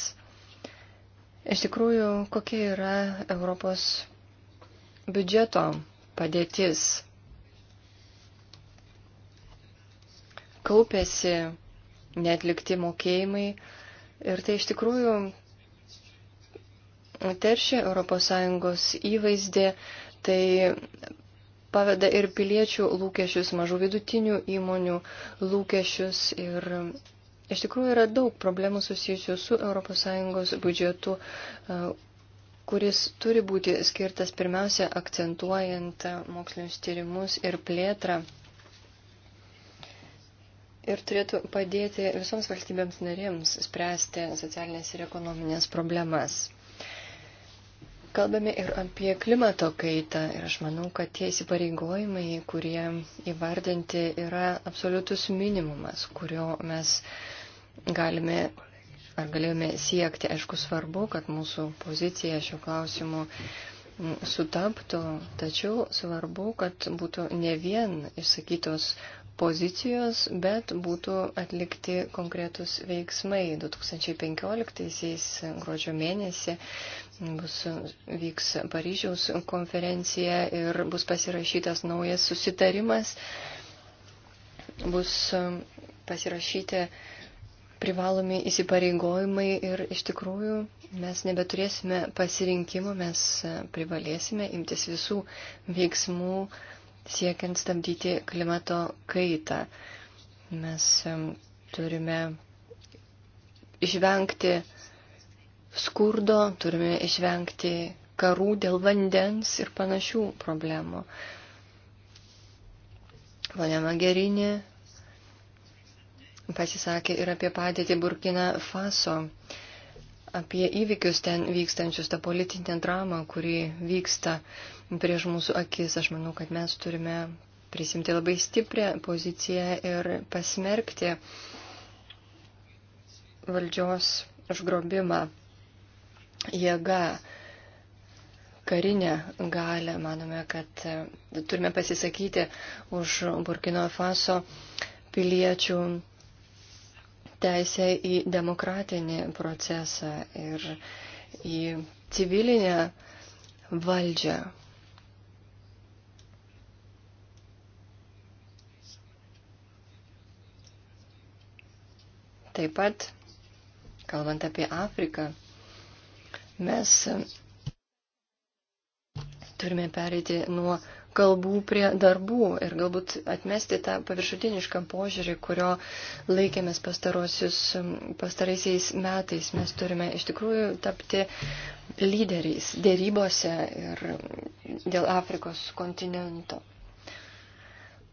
Iš tikrųjų, kokia yra Europos biudžeto padėtis? Kaupėsi netlikti mokėjimai. Ir tai iš tikrųjų teršia ES įvaizdį, tai paveda ir piliečių lūkesčius, mažų vidutinių įmonių lūkesčius ir iš tikrųjų yra daug problemų susijusių su ES biudžetu, kuris turi būti skirtas pirmiausia akcentuojant mokslinius tyrimus ir plėtrą ir turėtų padėti visoms valstybėms narėms spręsti socialinės ir ekonominės problemas. Kalbame ir apie klimato kaitą ir aš manau, kad tie įsipareigojimai, kurie įvardinti, yra absoliutus minimumas, kurio mes galime ar galėjome siekti. Aišku, svarbu, kad mūsų pozicija šiuo klausimu sutaptų, tačiau svarbu, kad būtų ne vien išsakytos pozicijos, bet būtų atlikti konkretus veiksmai. 2015 gruodžio mėnesį bus, vyks Paryžiaus konferencija ir bus pasirašytas naujas susitarimas. Bus pasirašyti privalomi įsipareigojimai ir iš tikrųjų mes nebeturėsime pasirinkimo, mes privalėsime imtis visų veiksmų, siekiant stabdyti klimato kaitą. Mes turime išvengti skurdo, turime išvengti karų dėl vandens ir panašių problemų. Pone Magerinė pasisakė ir apie padėtį Burkina Faso, apie įvykius ten vykstančius, tą politinę dramą, kuri vyksta. Uh, prieš mūsų akis. Aš manau, kad mes turime prisimti labai stiprią poziciją ir pasmerkti valdžios užgrobimą jėga, karinė galė. Manome, kad e, turime pasisakyti už Burkino Faso piliečių teisę į demokratinį procesą ir į civilinę valdžią. Taip pat, kalbant apie Afriką, mes turime pereiti nuo kalbų prie darbų ir galbūt atmesti tą paviršutinišką požiūrį, kurio laikėmės pastaraisiais metais. Mes turime iš tikrųjų tapti lyderiais dėrybose ir dėl Afrikos kontinento.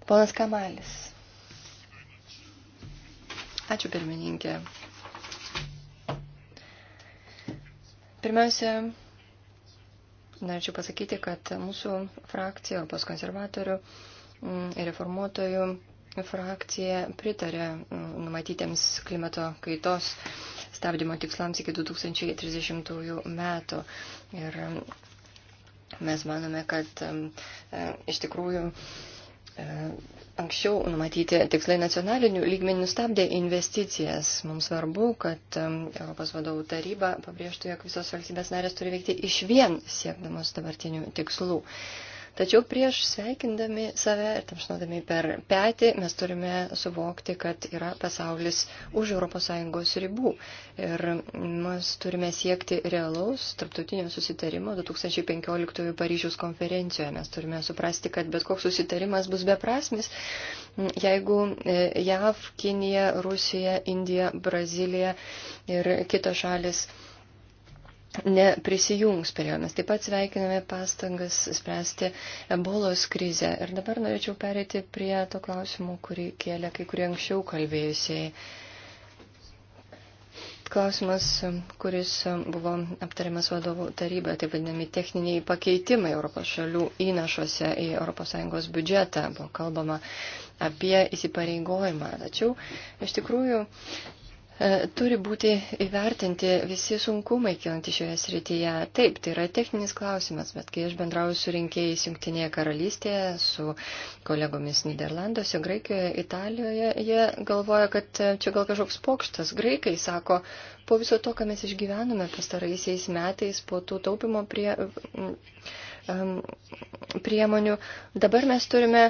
Ponas Kamalis. Ačiū pirmininkė. Pirmiausia, norėčiau pasakyti, kad mūsų frakcija, Europos konservatorių mm, ir reformuotojų frakcija pritarė mm, numatytiems klimato kaitos stabdymo tikslams iki 2030 metų. Ir mm, mes manome, kad e, iš tikrųjų e, Anksčiau numatyti tikslai nacionalinių lygmenių stabdė investicijas. Mums svarbu, kad Europos vadovų taryba pabrėžtų, jog visos valstybės narės turi veikti iš vien siekdamos dabartinių tikslų. Uh, Tačiau prieš sveikindami save ir tamšnodami per petį mes turime suvokti, kad yra pasaulis už ES ribų. Ir mes turime siekti realaus tarptautinio susitarimo 2015 Paryžiaus konferencijoje. Mes turime suprasti, kad bet koks susitarimas bus beprasmis, jeigu e, JAV, Kinija, Rusija, Indija, Brazilija ir kitos šalis neprisijungs prie jo. Mes taip pat sveikiname pastangas spręsti ebolos krizę. Ir dabar norėčiau perėti prie to klausimo, kurį kėlė kai kurie anksčiau kalbėjusiai. Klausimas, kuris buvo aptariamas vadovų taryboje, taip vadinami techniniai pakeitimai Europos šalių įnašuose į ES biudžetą, buvo kalbama apie įsipareigojimą. Tačiau iš tikrųjų E, turi būti įvertinti visi sunkumai kilanti šioje srityje. Taip, tai yra techninis klausimas, bet kai aš bendrauju su rinkėjais Junktinėje karalystėje, su kolegomis Niderlanduose, Graikijoje, Italijoje, jie galvoja, kad e, čia gal kažkoks pokštas. Graikai sako, po viso to, ką mes išgyvenome pastaraisiais metais, po tų taupimo prie, priemonių, dabar mes turime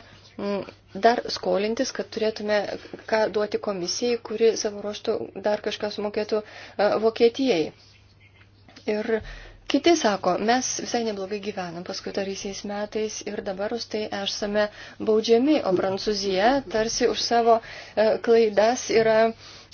dar skolintis, kad turėtume ką duoti komisijai, kuri savo ruoštų dar kažką sumokėtų e, Vokietijai. Ir kiti sako, mes visai neblogai gyvenam paskutariaisiais metais ir dabar už tai esame baudžiami, o Prancūzija tarsi už savo e, klaidas yra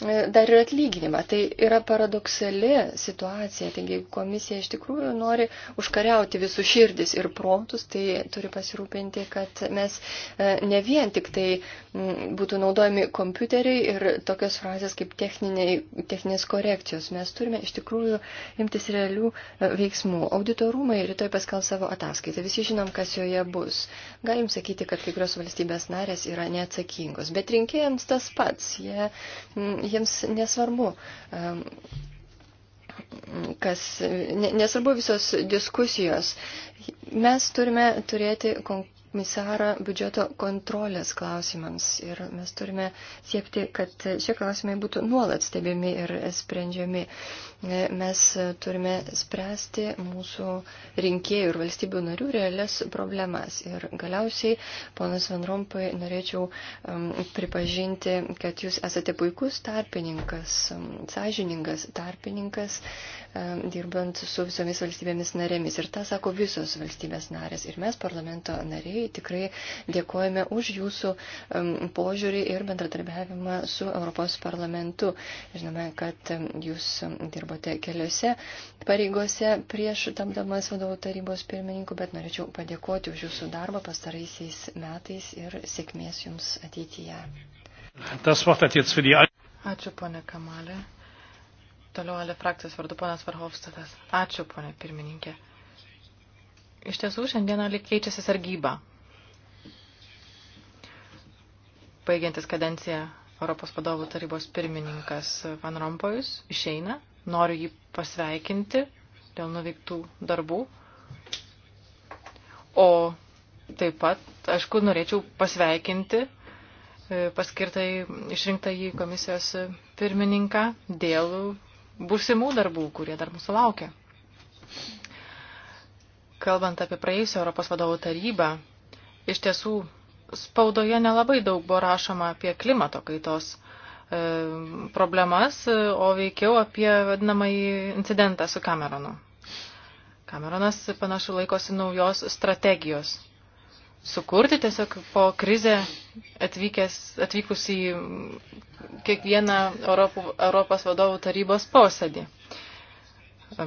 E, dar ir atlyginimą. Tai yra paradoksali situacija. Taigi, jeigu komisija iš tikrųjų nori užkariauti visų širdis ir protus, tai turi pasirūpinti, kad mes e, ne vien tik tai būtų naudojami kompiuteriai ir tokios frazės kaip techninės korekcijos. Mes turime iš tikrųjų imtis realių e, veiksmų. Auditorumai rytoj paskal savo ataskaitą. Visi žinom, kas joje bus. Galim sakyti, kad kai kurios valstybės narės yra neatsakingos. Bet rinkėjams tas pats. Jie, jiems nesvarbu, kas, nesvarbu visos diskusijos. Mes turime turėti konkursą komisarą biudžeto kontrolės klausimams. Ir mes turime siekti, kad šie klausimai būtų nuolat stebimi ir sprendžiami. Mes turime spręsti mūsų rinkėjų ir valstybių narių realias problemas. Ir galiausiai, ponas Van Rompai, norėčiau um, pripažinti, kad jūs esate puikus tarpininkas, um, sąžiningas tarpininkas, um, dirbant su visomis valstybėmis narėmis. Ir tą sako visos valstybės narės. Ir mes, parlamento nariai, Taigi tikrai dėkojame už jūsų požiūrį ir bendradarbiavimą su Europos parlamentu. Žinome, kad jūs dirbote keliose pareigose prieš tamdamas vadovų tarybos pirmininku, bet norėčiau padėkoti už jūsų darbą pastaraisiais metais ir sėkmės jums ateityje. Ačiū, ponė Kamalė. Toliau Ale frakcijos vardu ponas Varhovstatas. Ačiū, ponė pirmininkė. Iš tiesų, šiandieną lyg keičiasi sargyba. baigiantis kadenciją Europos vadovų tarybos pirmininkas Van Rompojus išeina. Noriu jį pasveikinti dėl nuveiktų darbų. O taip pat, aišku, norėčiau pasveikinti e, paskirtai išrinktą į komisijos pirmininką dėl būsimų darbų, kurie dar mūsų laukia. Kalbant apie praėjusią Europos vadovų tarybą, iš tiesų spaudoje nelabai daug buvo rašoma apie klimato kaitos e, problemas, e, o veikiau apie vadinamąjį incidentą su Cameronu. Cameronas panašu laikosi naujos strategijos. Sukurti tiesiog po krizę atvykęs, atvykus į kiekvieną Europų, Europos vadovų tarybos posėdį.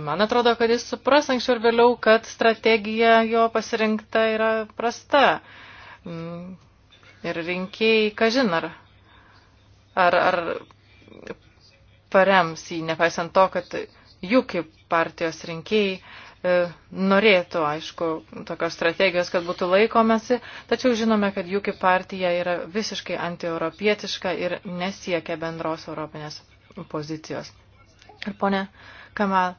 Man atrodo, kad jis supras anksčiau ir vėliau, kad strategija jo pasirinkta yra prasta. Mm. ir rinkėjai, kažin ar, ar, ar parems jį, nepaisant to, kad jų kaip partijos rinkėjai e, norėtų, aišku, tokios strategijos, kad būtų laikomasi, tačiau žinome, kad jų kaip partija yra visiškai antieuropietiška ir nesiekia bendros europinės pozicijos. Ir ponė Kamal,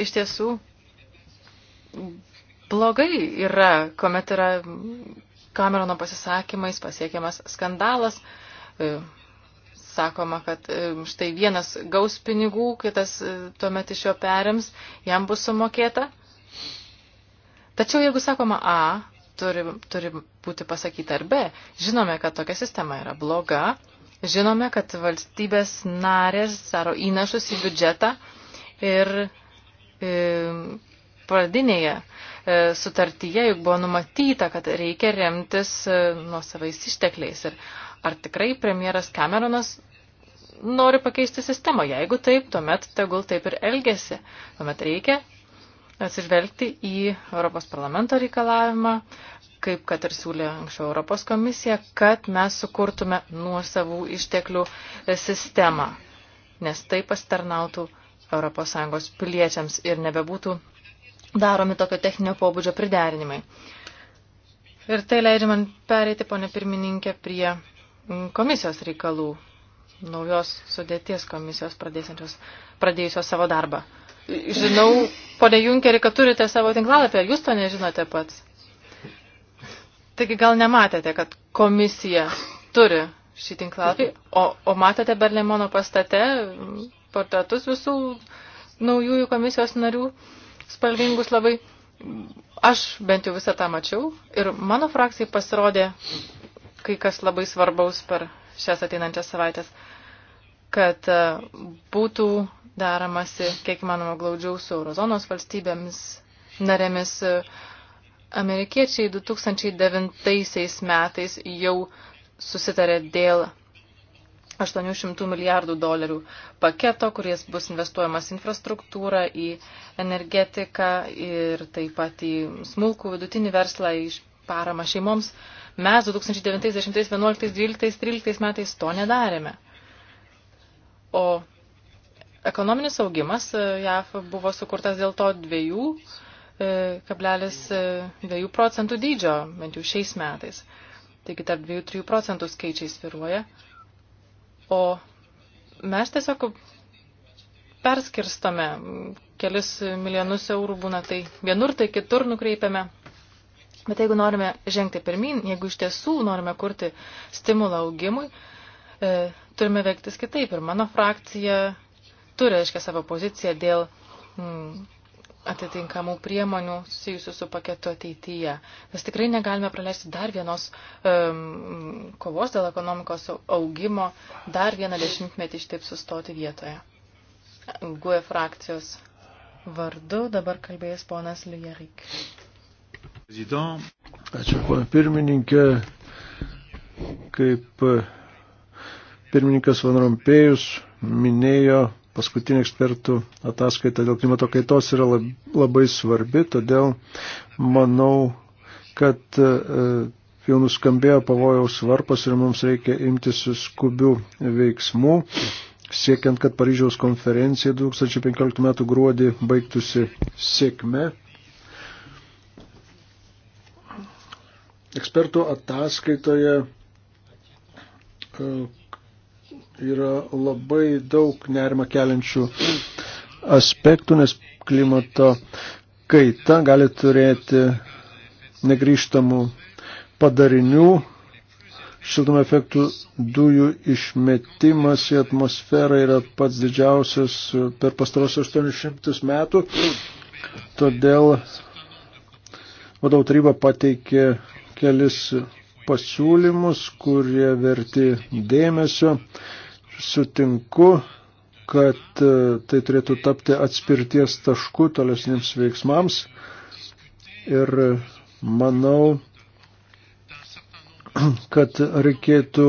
iš tiesų blogai yra, kuomet yra Kamerono pasisakymais pasiekiamas skandalas. E, sakoma, kad e, štai vienas gaus pinigų, kitas e, tuomet iš jo perims, jam bus sumokėta. Tačiau jeigu sakoma A, turi, turi būti pasakyta ar B. Žinome, kad tokia sistema yra bloga, žinome, kad valstybės narės daro įnašus į biudžetą ir, ir pradinėje E, sutartyje juk buvo numatyta, kad reikia remtis e, nuo savais ištekliais. Ir ar tikrai premjeras Cameronas nori pakeisti sistemą? Jeigu taip, tuomet tegul taip ir elgesi. Tuomet reikia atsižvelgti į Europos parlamento reikalavimą, kaip kad ir siūlė anksčiau Europos komisija, kad mes sukurtume nuosavų išteklių e, sistemą, nes tai pastarnautų ES piliečiams ir nebebūtų daromi tokio techninio pobūdžio priderinimai. Ir tai leidžia man pereiti, ponė pirmininkė, prie komisijos reikalų, naujos sudėties komisijos pradėjusios savo darbą. Žinau, ponė Junkeri, kad turite savo tinklalapį, jūs to nežinote pats. Taigi gal nematėte, kad komisija turi šį tinklalapį, o, o matėte Berlemono pastate portretus visų naujųjų komisijos narių. Uh, spalvingus labai. Aš bent jau visą tą mačiau ir mano frakcijai pasirodė kai kas labai svarbaus per šias ateinančias savaitės, kad e, būtų daramasi, kiek įmanoma, glaudžiau su eurozonos valstybėmis narėmis. E, amerikiečiai 2009 metais jau susitarė dėl 800 milijardų dolerių paketo, kuris bus investuojamas infrastruktūrą, į energetiką ir taip pat į smulkų vidutinį verslą, į paramą šeimoms. Mes 2009, 2010, 2011, 2012, 2013 metais to nedarėme. O ekonominis augimas e, JAF buvo sukurtas dėl to 2,2 e, e, procentų dydžio, bent jau šiais metais. Taigi tarp 2-3 procentų skaičiai sviruoja. O mes tiesiog perskirstome kelis milijonus eurų būna tai vienur, tai kitur nukreipiame. Bet jeigu norime žengti pirmin, jeigu iš tiesų norime kurti stimulą augimui, e, turime veiktis kitaip. Ir mano frakcija turi, aiškia, savo poziciją dėl mm, atitinkamų priemonių susijusių su paketu ateityje. Mes tikrai negalime praleisti dar vienos um, kovos dėl ekonomikos augimo, dar vieną dešimtmetį šitaip sustoti vietoje. GUE frakcijos vardu dabar kalbėjęs ponas Lijerik. Ačiū, pana pirmininkė. Kaip pirmininkas Van Rompėjus minėjo, paskutinė ekspertų ataskaita dėl klimato kaitos yra labai svarbi, todėl manau, kad e, jau nuskambėjo pavojaus varpas ir mums reikia imtis skubių veiksmų, siekiant, kad Paryžiaus konferencija 2015 m. gruodį baigtųsi sėkme. Ekspertų ataskaitoje e, yra labai daug nerima keliančių aspektų, nes klimato kaita gali turėti negryžtamų padarinių, šiltumo efektų dujų išmetimas į atmosferą yra pats didžiausias per pastarosius 800 metų, todėl vadovų taryba pateikė kelis pasiūlymus, kurie verti dėmesio sutinku, kad e, tai turėtų tapti atspirties tašku tolesniems veiksmams ir manau, kad reikėtų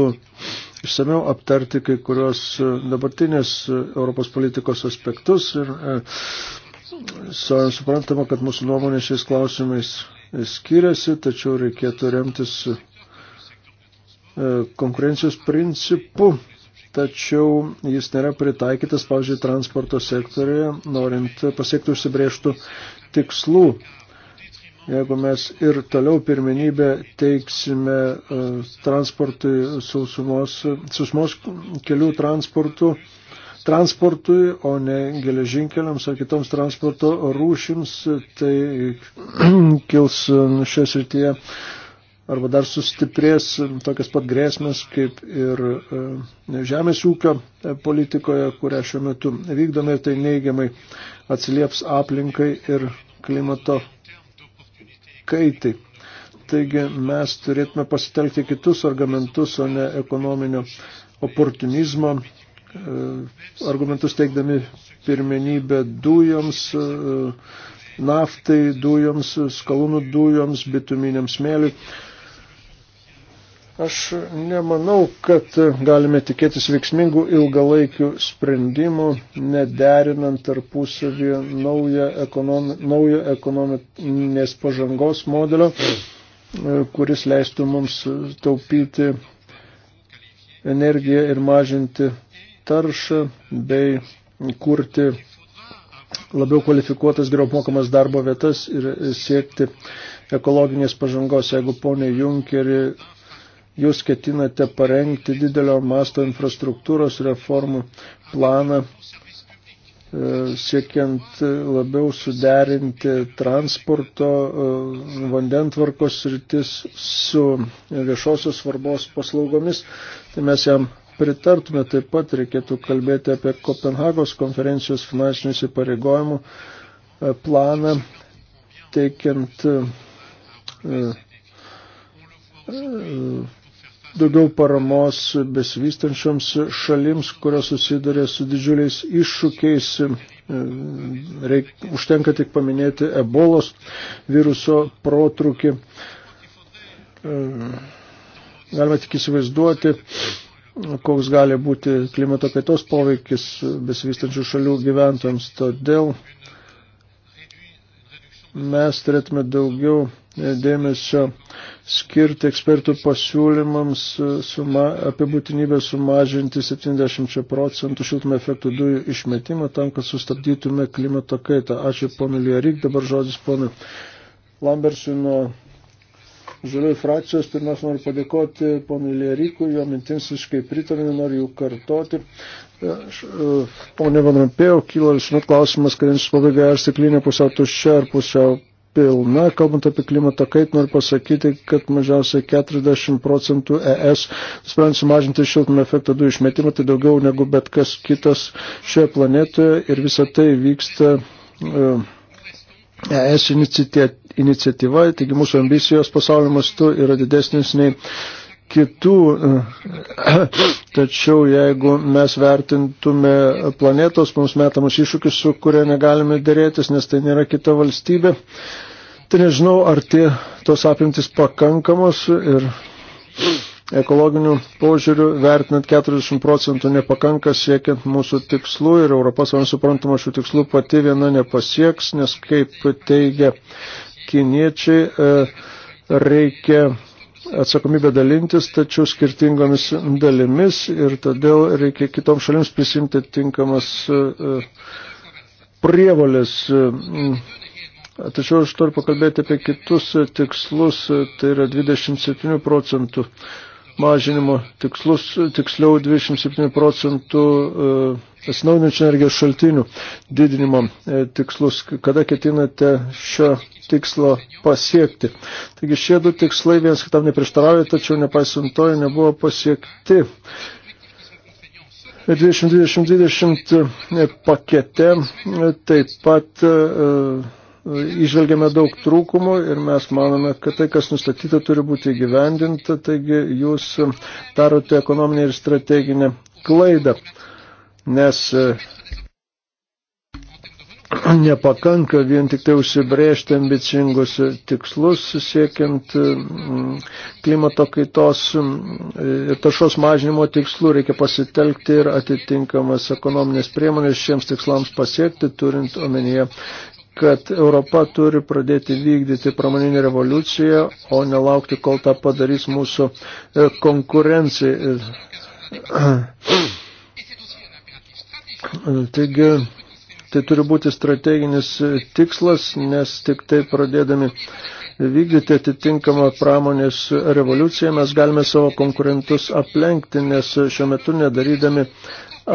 išsameu aptarti kai kurios e, dabartinės e, Europos politikos aspektus ir savai suprantama, kad mūsų nuomonė šiais klausimais skiriasi, tačiau reikėtų remtis konkurencijos principu tačiau jis nėra pritaikytas, pavyzdžiui, transporto sektorėje, norint pasiekti užsibrieštų tikslų. Jeigu mes ir toliau pirmenybę teiksime e, transportui sausumos, sausumos kelių transportų, transportui, o ne geležinkeliams ar kitoms transporto rūšims, tai kils e, šios rytyje arba dar sustiprės tokias pat grėsmės kaip ir e, žemės ūkio e, politikoje, kurią šiuo metu vykdome ir tai neigiamai atsilieps aplinkai ir klimato kaitai. Taigi mes turėtume pasitelkti kitus argumentus, o ne ekonominio oportunizmo e, argumentus teikdami pirmenybę dujoms, naftai, dujoms, skalūnų dujoms, bituminiam smėliui. Aš nemanau, kad galime tikėtis veiksmingų ilgalaikių sprendimų, nederinant tarpusavyje naujo, ekonomi, naujo ekonominės pažangos modelio, kuris leistų mums taupyti energiją ir mažinti taršą bei kurti labiau kvalifikuotas, geriau apmokamas darbo vietas ir siekti ekologinės pažangos. Jeigu ponė Junkeri jūs ketinate parengti didelio masto infrastruktūros reformų planą, e, siekiant labiau suderinti transporto, e, vandentvarkos rytis su viešosios svarbos paslaugomis. Tai mes jam pritartume, taip pat reikėtų kalbėti apie Kopenhagos konferencijos finansinių įsipareigojimų e, planą, teikiant daugiau paramos besivystančioms šalims, kurios susiduria su didžiuliais iššūkiais. Reik, užtenka tik paminėti ebolos viruso protrukį. Galima tik įsivaizduoti, koks gali būti klimato kaitos poveikis besivystančių šalių gyventojams. Todėl mes turėtume daugiau dėmesio skirti ekspertų pasiūlymams e, suma, apie būtinybę sumažinti 70 procentų šiltume efektų dujų išmetimą tam, kad sustabdytume klimato kaitą. Ačiū ponui Lierik, dabar žodis ponui Lambersui nuo Žaliųjų frakcijos. Pirmiausia, noriu padėkoti ponui Lierikui, jo mintims visiškai pritarinu, noriu jų kartoti. E, e, pone Van Rampėjo, kyla visuomet klausimas, kad jums pabaigai ar stiklinė pusiau tuščia ar pusiau pilna. Kalbant apie klimato kaitą, noriu pasakyti, kad mažiausiai 40 procentų ES nusprendė sumažinti šiltnamio efektą dujų išmetimą, tai daugiau negu bet kas kitas šioje planetoje ir visa tai vyksta ES e iniciatyva, taigi mūsų ambicijos pasaulio mastu yra didesnis nei kitų. Tačiau jeigu mes vertintume planetos mums metamus iššūkius, su kuria negalime dėrėtis, nes tai nėra kita valstybė, tai nežinau, ar tie, tos apimtis pakankamos ir ekologinių požiūrių vertinant 40 procentų nepakanka siekiant mūsų tikslų ir Europos, man suprantama, šių tikslų pati viena nepasieks, nes kaip teigia kiniečiai, e, reikia atsakomybę dalintis, tačiau skirtingomis dalimis ir todėl reikia kitoms šalims prisimti tinkamas e, prievolės. E, tačiau aš noriu pakalbėti apie kitus tikslus, tai yra 27 procentų mažinimo tikslus, tiksliau 27 procentų e, atsinaujinančių energijos šaltinių didinimo e, tikslus, kada ketinate šio tikslo pasiekti. Taigi šie du tikslai vienas kitam neprieštarauja, tačiau nepaisant to jie nebuvo pasiekti. 2020-2020 e, pakete e, taip pat Išvelgiame daug trūkumų ir mes manome, kad tai, kas nustatyta, turi būti įgyvendinta, taigi jūs darote ekonominę ir strateginę klaidą nes e, nepakanka vien tik tai užsibrėžti ambicingus tikslus siekiant e, klimato kaitos e, ir taršos mažinimo tikslų, reikia pasitelkti ir atitinkamas ekonominės priemonės šiems tikslams pasiekti, turint omenyje kad Europa turi pradėti vykdyti pramoninį revoliuciją, o nelaukti, kol tą padarys mūsų konkurencija. Taigi, tai turi būti strateginis tikslas, nes tik tai pradėdami vykdyti atitinkamą pramonės revoliuciją mes galime savo konkurentus aplenkti, nes šiuo metu nedarydami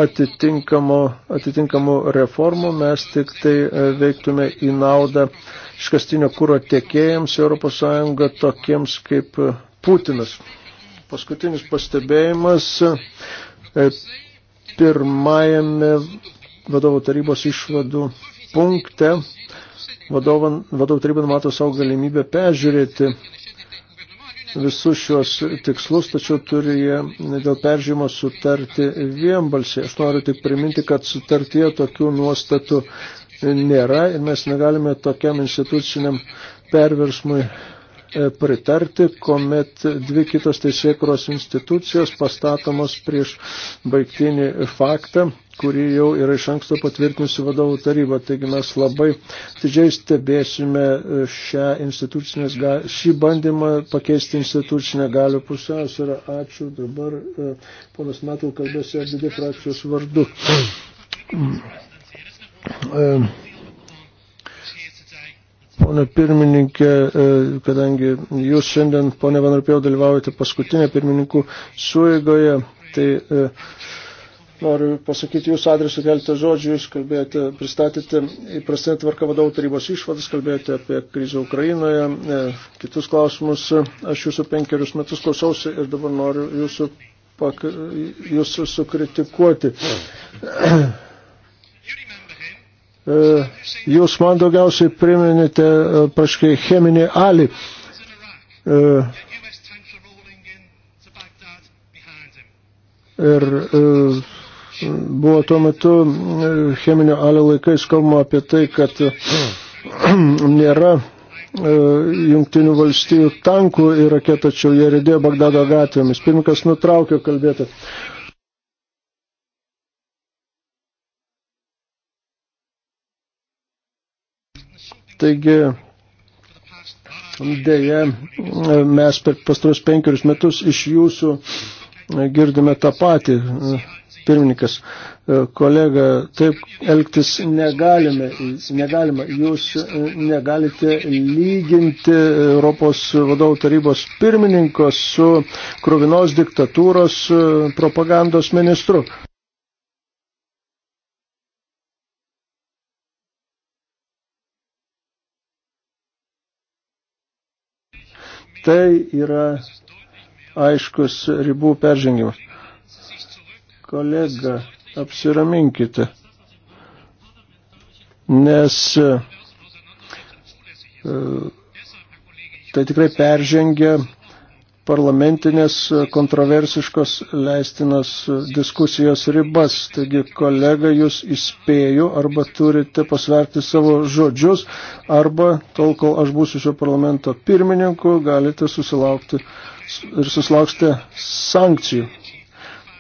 atitinkamų, atitinkamų reformų mes tik tai e, veiktume į naudą iškastinio kūro tiekėjams ES tokiems kaip Putinas. Paskutinis pastebėjimas. E, pirmajame vadovų tarybos išvadų punkte vadovų taryba numato savo galimybę peržiūrėti visus šios tikslus, tačiau turi jie dėl peržymo sutarti vienbalsiai. Aš noriu tik priminti, kad sutartie tokių nuostatų nėra ir mes negalime tokiam instituciniam perversmui E, pritarti, kuomet dvi kitos teisėkuros institucijos pastatomos prieš baigtinį faktą, kurį jau yra iš anksto patvirtinusi vadovų taryba. Taigi mes labai didžiai stebėsime e, šią institucinės, šį bandymą pakeisti institucinę galių pusiausvyrą. Ačiū. Dabar e, ponas Metal kalbėsi FDD frakcijos vardu. Mm. Pone pirmininkė, e, kadangi jūs šiandien, pone Vanarpėjau, dalyvaujate paskutinė pirmininkų suėgoje, tai e, noriu pasakyti jūsų adresu keletą žodžių, jūs kalbėjote, pristatėte įprastinę tvarką vadovų tarybos išvadas, kalbėjote apie krizę Ukrainoje, e, kitus klausimus. Aš jūsų penkerius metus klausiausi ir dabar noriu jūsų, pak, jūsų sukritikuoti. E, jūs man daugiausiai priminėte e, praškai cheminį alį. E, ir buvo tuo metu cheminio alio laikais kalbama apie tai, kad nėra jungtinių valstijų tankų ir raketų, tačiau jie rėdėjo Bagdado gatvėmis. Pirmininkas nutraukė kalbėti. Taigi, dėja, mes per pastarus penkerius metus iš jūsų girdime tą patį, pirmininkas, kolega, taip elgtis negalime, negalima, jūs negalite lyginti Europos vadovų tarybos pirmininko su kruvinos diktatūros propagandos ministru. tai yra aiškus ribų peržengimas. Kolega, apsiraminkite, nes e, tai tikrai peržengia parlamentinės kontroversiškos leistinos diskusijos ribas. Taigi, kolega, jūs įspėju arba turite pasverti savo žodžius, arba tol, kol aš būsiu šio parlamento pirmininku, galite susilaukti ir susilauksite sankcijų.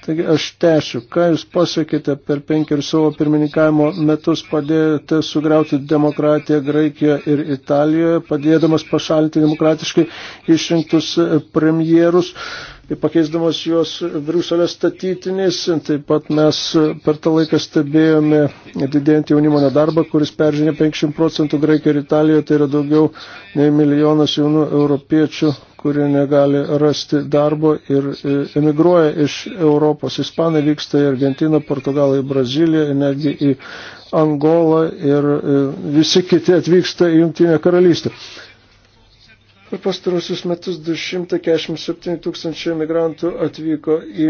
Taigi aš tešiu, ką jūs pasakėte per penkerius savo pirmininkavimo metus, padėjote sugriauti demokratiją Graikijoje ir Italijoje, padėdamas pašalinti demokratiškai išrinktus premjerus, pakeisdamas juos Briuselio statytiniais. Taip pat mes per tą laiką stebėjome didėjantį jaunimo nedarbą, kuris peržinė 50 procentų Graikijoje ir Italijoje, tai yra daugiau nei milijonas jaunų europiečių kurie negali rasti darbo ir e, emigruoja iš Europos. Ispanai vyksta į Argentiną, Portugalą, į Braziliją, netgi į Angolą ir e, visi kiti atvyksta į Jungtinę karalystę. Per pastarusius metus 247 tūkstančių emigrantų atvyko į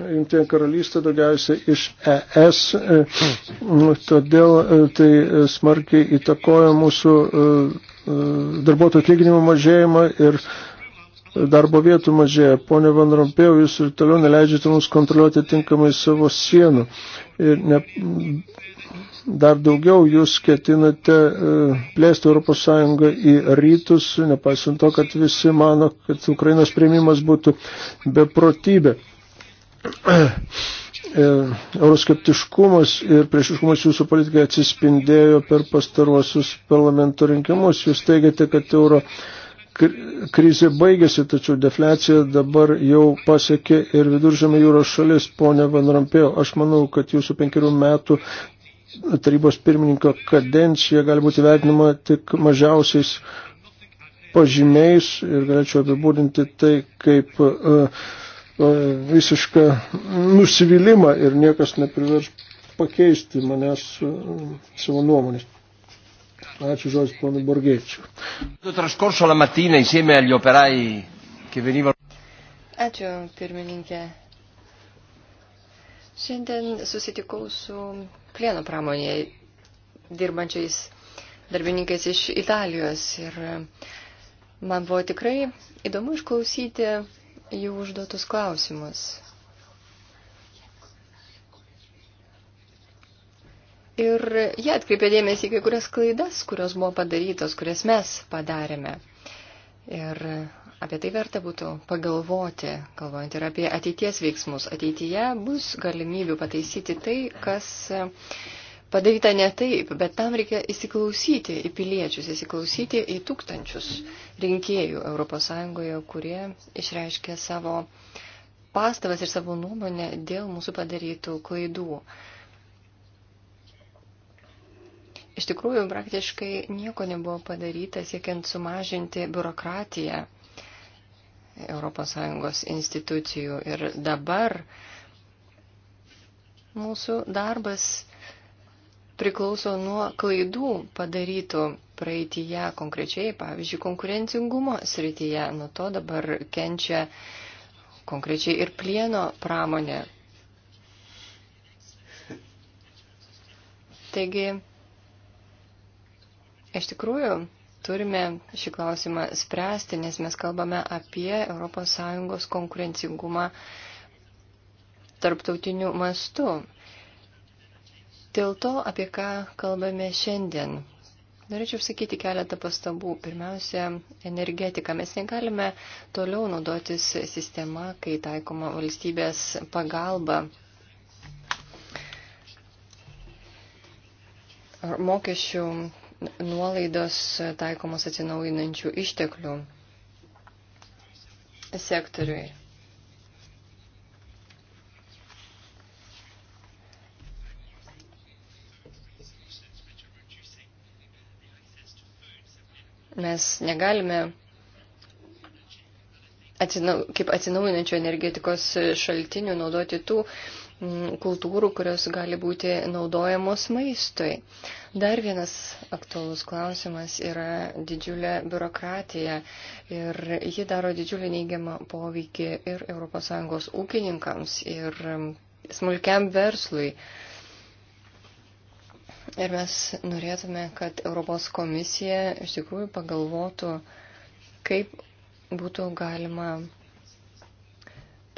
Jungtinė karalystė daugiausia iš ES, e, nu, todėl tai smarkiai įtakoja mūsų darbuotojų atlyginimo mažėjimą ir darbo vietų mažėja. Pone Van Rompėjau, jūs ir toliau neleidžiate mums kontroliuoti tinkamai savo sienų. Ir ne, dar daugiau jūs ketinate e, plėsti ES į rytus, nepaisant to, kad visi mano, kad Ukrainos prieimimas būtų beprotybė. E, euroskeptiškumas ir priešiškumas jūsų politikai atsispindėjo per pastaruosius parlamento rinkimus. Jūs teigiate, kad euro krizė baigėsi, tačiau deflecija dabar jau pasiekė ir viduržėmė jūros šalis, ponė Van Rampėjo. Aš manau, kad jūsų penkerių metų tarybos pirmininko kadencija gali būti vertinama tik mažiausiais pažymiais ir galėčiau apibūdinti tai kaip uh, uh, visišką nusivylimą ir niekas neprivers pakeisti manęs uh, savo nuomonės. Ačiū žodžiu, ponui Borgėčiu. Ačiū, pirmininkė. Šiandien susitikau su plieno pramonėje dirbančiais darbininkais iš Italijos ir man buvo tikrai įdomu išklausyti jų užduotus klausimus. Ir jie atkreipė dėmesį kai kurias klaidas, kurios buvo padarytos, kurias mes padarėme. Ir apie tai verta būtų pagalvoti, kalbant ir apie ateities veiksmus. Ateityje bus galimybių pataisyti tai, kas padaryta ne taip, bet tam reikia įsiklausyti į piliečius, įsiklausyti į tūkstančius rinkėjų ES, kurie išreiškė savo pastabas ir savo nuomonę dėl mūsų padarytų klaidų. Iš tikrųjų, praktiškai nieko nebuvo padaryta siekiant sumažinti biurokratiją ES institucijų. Ir dabar mūsų darbas priklauso nuo klaidų padarytų praeitįje konkrečiai, pavyzdžiui, konkurencingumo srityje. Nuo to dabar kenčia konkrečiai ir plieno pramonė. Taigi, Iš tikrųjų, turime šį klausimą spręsti, nes mes kalbame apie ES konkurencingumą tarptautiniu mastu. Dėl to, apie ką kalbame šiandien. Norėčiau sakyti keletą pastabų. Pirmiausia, energetika. Mes negalime toliau naudotis sistema, kai taikoma valstybės pagalba. Mokesčių nuolaidos taikomos atsinaujinančių išteklių sektoriui. Mes negalime atsinau, kaip atsinaujinančių energetikos šaltinių naudoti tų Mm, kultūrų, kurios gali būti naudojamos maistui. Dar vienas aktualus klausimas yra didžiulė biurokratija ir ji daro didžiulį neigiamą poveikį ir ES ūkininkams, ir mm, smulkiam verslui. Ir mes norėtume, kad Europos komisija iš tikrųjų pagalvotų, kaip būtų galima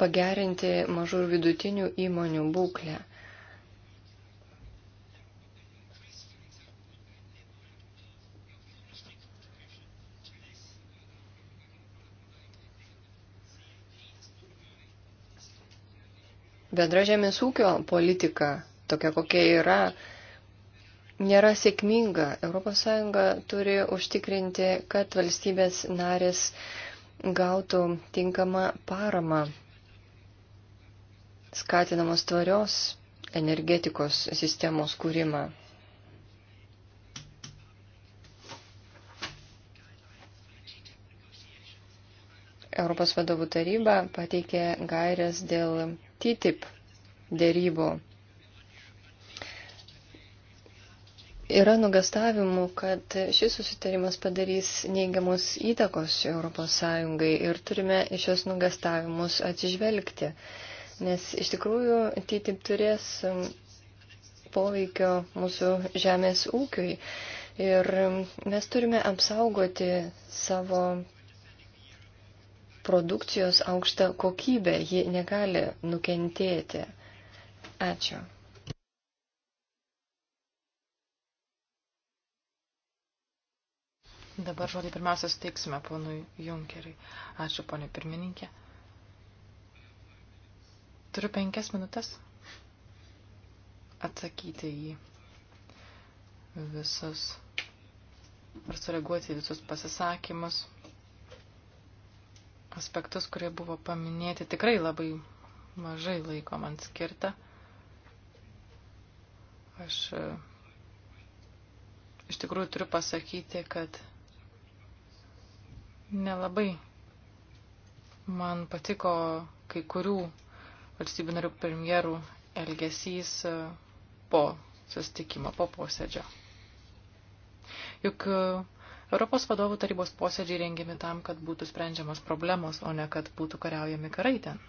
pagerinti mažų ir vidutinių įmonių būklę. Bendra žemės ūkio politika, tokia kokia yra, nėra sėkminga. ES turi užtikrinti, kad valstybės narės gautų tinkamą paramą skatinamos tvarios energetikos sistemos kūrimą. Europos vadovų taryba pateikė gairias dėl TTIP dėrybų. Yra nugastavimų, kad šis susitarimas padarys neigiamus įtakos ES ir turime šios nugastavimus atsižvelgti nes iš tikrųjų TTIP turės um, poveikio mūsų žemės ūkiui. Ir um, mes turime apsaugoti savo produkcijos aukštą kokybę, ji negali nukentėti. Ačiū. Dabar žodį pirmiausia suteiksime ponui Junkeriui. Ačiū, ponė pirmininkė. Turiu penkias minutės atsakyti į visus ar sureaguoti į visus pasisakymus, aspektus, kurie buvo paminėti. Tikrai labai mažai laiko man skirta. Aš e, iš tikrųjų turiu pasakyti, kad nelabai man patiko kai kurių valstybių narių premjerų elgesys e, po susitikimo, po posėdžio. Juk e, Europos vadovų tarybos posėdžiai rengiami tam, kad būtų sprendžiamas problemos, o ne kad būtų kariaujami karai ten.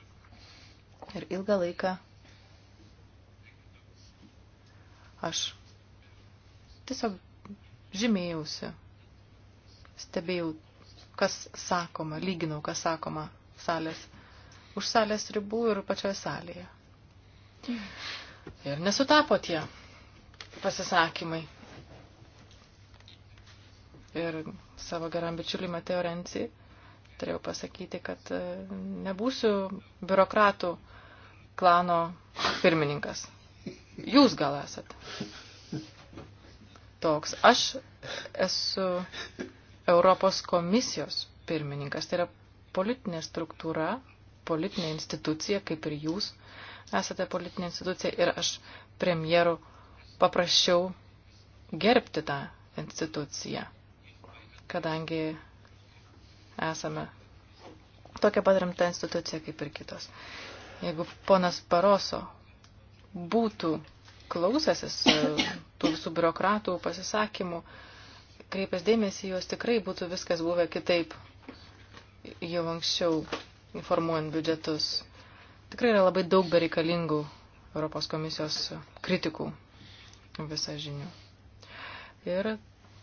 Ir ilgą laiką aš tiesiog žymėjausi, stebėjau, kas sakoma, lyginau, kas sakoma salės už salės ribų ir pačioje salėje. Mm. Ir nesutapo tie pasisakymai. Ir savo geram bičiuliui Mateo Renci turėjau pasakyti, kad e, nebūsiu biurokratų klano pirmininkas. Jūs gal esat. Toks. Aš esu Europos komisijos pirmininkas. Tai yra politinė struktūra, politinė institucija, kaip ir jūs esate politinė institucija ir aš premjerų paprašiau gerbti tą instituciją, kadangi esame tokia pat rimta institucija kaip ir kitos. Jeigu ponas Paroso būtų klausęsis e, tų visų biurokratų pasisakymų, kreipęs dėmesį, jos tikrai būtų viskas buvę kitaip jau anksčiau formuojant biudžetus. Tikrai yra labai daug bereikalingų Europos komisijos kritikų visą žinių. Ir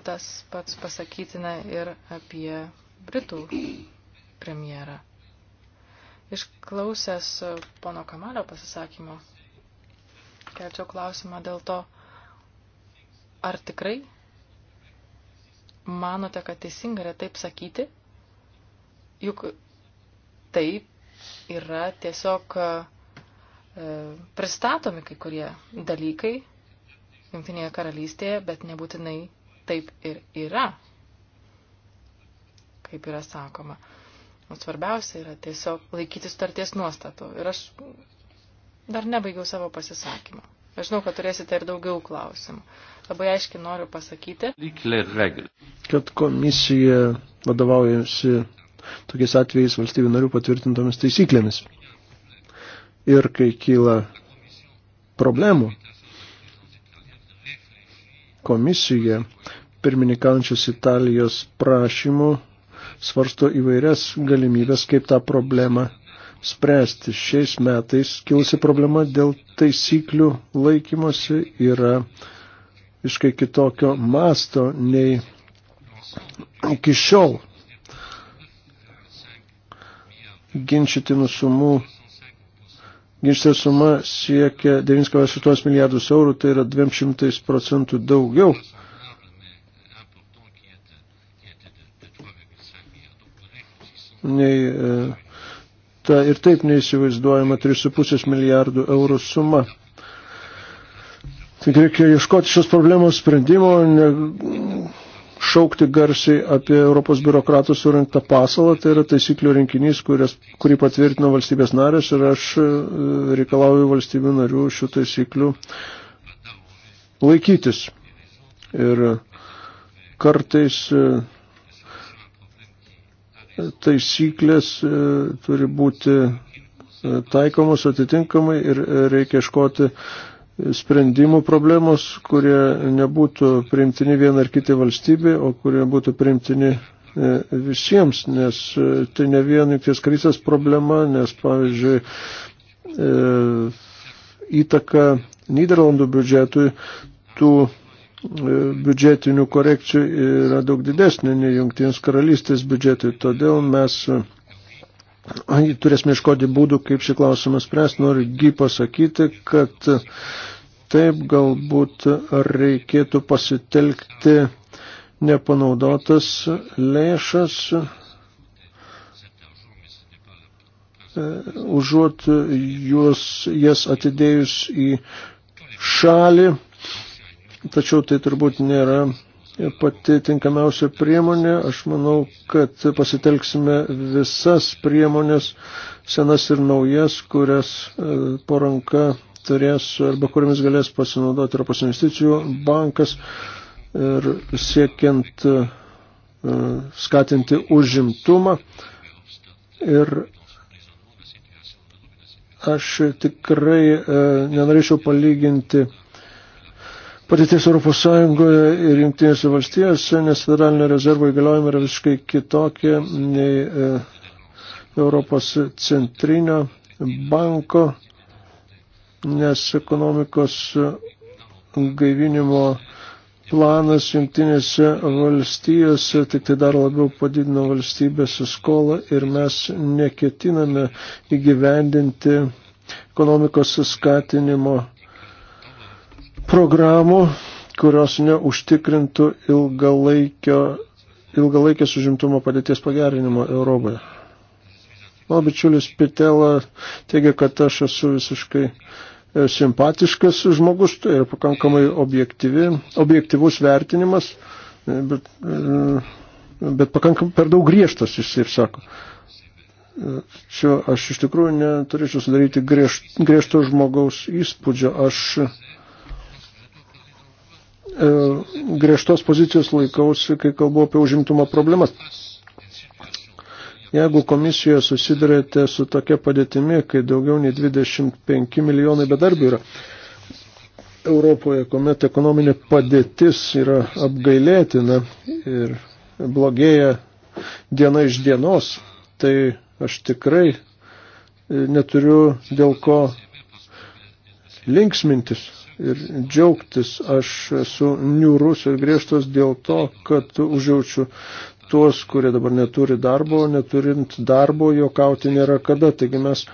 tas pats pasakytina ir apie Britų premjerą. Išklausęs pono Kamalio pasisakymo, kelčiau klausimą dėl to, ar tikrai manote, kad teisinga yra taip sakyti, juk taip yra tiesiog e, pristatomi kai kurie dalykai Junktinėje karalystėje, bet nebūtinai taip ir yra, kaip yra sakoma. O svarbiausia yra tiesiog laikytis tarties nuostatų. Ir aš dar nebaigiau savo pasisakymą. Aš žinau, kad turėsite ir daugiau klausimų. Labai aiškiai noriu pasakyti, kad komisija vadovaujasi tokiais atvejais valstybių narių patvirtintomis taisyklėmis. Ir kai kyla problemų, komisija pirmininkaujančios Italijos prašymų svarsto įvairias galimybės, kaip tą problemą spręsti. Šiais metais kilusi problema dėl taisyklių laikymosi yra iškai kitokio masto nei iki šiol ginčytinų sumų. Ginčytinų suma siekia 9,8 milijardus eurų, tai yra 200 procentų daugiau. Nei, e, ta ir taip neįsivaizduojama 3,5 milijardų eurų suma. Tik reikia ieškoti šios problemos sprendimo, ne, šaukti garsiai apie Europos biurokratų surinktą pasalą, tai yra taisyklių rinkinys, kurias, kurį patvirtino valstybės narės ir aš e, reikalauju valstybių narių šių taisyklių laikytis. Ir kartais e, taisyklės e, turi būti taikomos atitinkamai ir reikia iškoti sprendimų problemos, kurie nebūtų priimtini vieną ar kitą valstybę, o kurie būtų priimtini e, visiems, nes e, tai ne vien jungties krizės problema, nes pavyzdžiui e, įtaka Niderlandų biudžetui tų biudžetinių korekcijų yra daug didesnė nei jungtinės karalystės biudžetui. Todėl mes turėsime iškoti būdų, kaip šį klausimą spręsti. Noriu gy pasakyti, kad taip galbūt reikėtų pasitelkti nepanaudotas lėšas, e, užuot juos, jas atidėjus į šalį, tačiau tai turbūt nėra pati tinkamiausia priemonė. Aš manau, kad pasitelksime visas priemonės, senas ir naujas, kurias e, poranka turės arba kuriamis galės pasinaudoti Europos investicijų bankas ir siekiant e, skatinti užimtumą. Ir aš tikrai e, nenorėčiau palyginti Patirties Europos Sąjungoje ir Junktinėse valstijose, nes federalinio rezervo įgaliojimai yra visiškai kitokie nei e, Europos centrinio banko, nes ekonomikos gaivinimo planas jungtinėse valstijose tik tai dar labiau padidino valstybės skolą ir mes neketiname įgyvendinti ekonomikos skatinimo programų, kurios neužtikrintų ilgalaikio, ilgalaikės užimtumo padėties pagerinimo Europoje. Mano bičiulis Pitela teigia, kad aš esu visiškai e, simpatiškas žmogus, tai yra pakankamai objektyvi, objektyvus vertinimas, e, bet, e, bet pakankamai per daug griežtas, jis taip sako. Čia aš iš tikrųjų neturėčiau sudaryti griež, griežto žmogaus įspūdžio. Aš E, griežtos pozicijos laikausi, kai kalbu apie užimtumo problemas. Jeigu komisijoje susidurėte su tokia padėtimi, kai daugiau nei 25 milijonai bedarbių yra Europoje, kuomet ekonominė padėtis yra apgailėtina ir blogėja diena iš dienos, tai aš tikrai e, neturiu dėl ko linksmintis ir džiaugtis. Aš esu niūrus ir griežtas dėl to, kad užjaučiu tuos, kurie dabar neturi darbo, neturint darbo, jokauti nėra kada. Taigi mes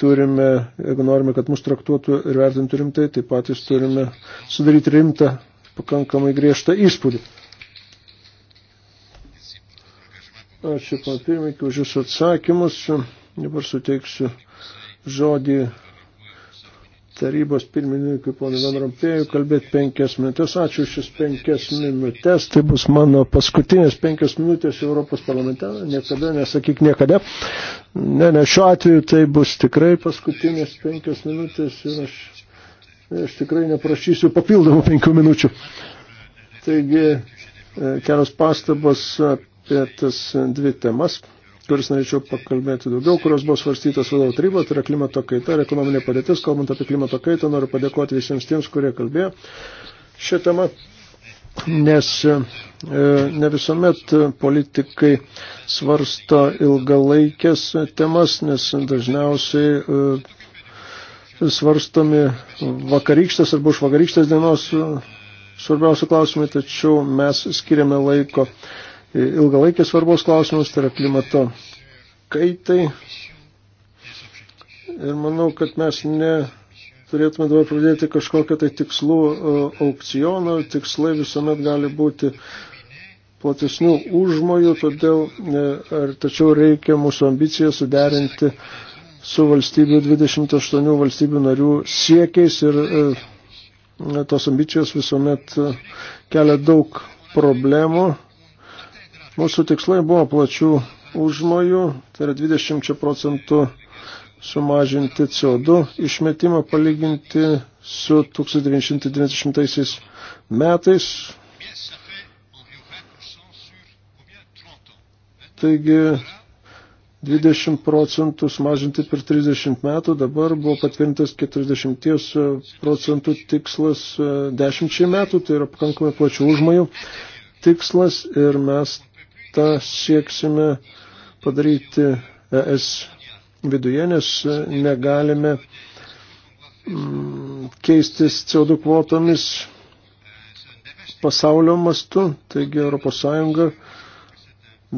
turime, jeigu norime, kad mus traktuotų ir vertintų rimtai, tai patys turime sudaryti rimtą, pakankamai griežtą įspūdį. Ačiū, papirmininkai, už Jūsų atsakymus. Dabar suteiksiu žodį tarybos pirmininkui ponui Van Rompėjui kalbėti penkias minutės. Ačiū šis penkias minutės. Tai bus mano paskutinės penkias minutės Europos parlamente. Niekada nesakyk niekada. Ne, ne, šiuo atveju tai bus tikrai paskutinės penkias minutės ir aš, aš tikrai neprašysiu papildomų penkių minučių. Taigi, e, kelios pastabos apie tas dvi temas kuris norėčiau pakalbėti daugiau, kurios buvo svarstytas vadovų taryba, tai yra klimato kaita ir ekonominė padėtis. Kalbant apie klimato kaitą, noriu padėkoti visiems tiems, kurie kalbėjo šią temą, nes e, ne visuomet politikai svarsto ilgalaikės temas, nes dažniausiai e, svarstomi vakarykštės arba už vakarykštės dienos e, svarbiausių klausimai, tačiau mes skiriame laiko ilgalaikės svarbos klausimus, tai yra klimato kaitai. Ir manau, kad mes neturėtume dabar pradėti kažkokią tai tikslų aukcioną, tikslai visuomet gali būti platesnių užmojų, todėl, e, ar, tačiau reikia mūsų ambiciją suderinti su valstybių 28 valstybių narių siekiais ir e, tos ambicijos visuomet e, kelia daug problemų Mūsų tikslai buvo plačių užmojų, tai yra 20 procentų sumažinti CO2 išmetimą palyginti su 1990 metais. Taigi 20 procentų sumažinti per 30 metų, dabar buvo patvirtintas 40 procentų tikslas 10 metų, tai yra pakankamai plačių užmojų tikslas ir mes tą sieksime padaryti ES viduje, nes negalime mm, keistis CO2 kvotomis pasaulio mastu, taigi ES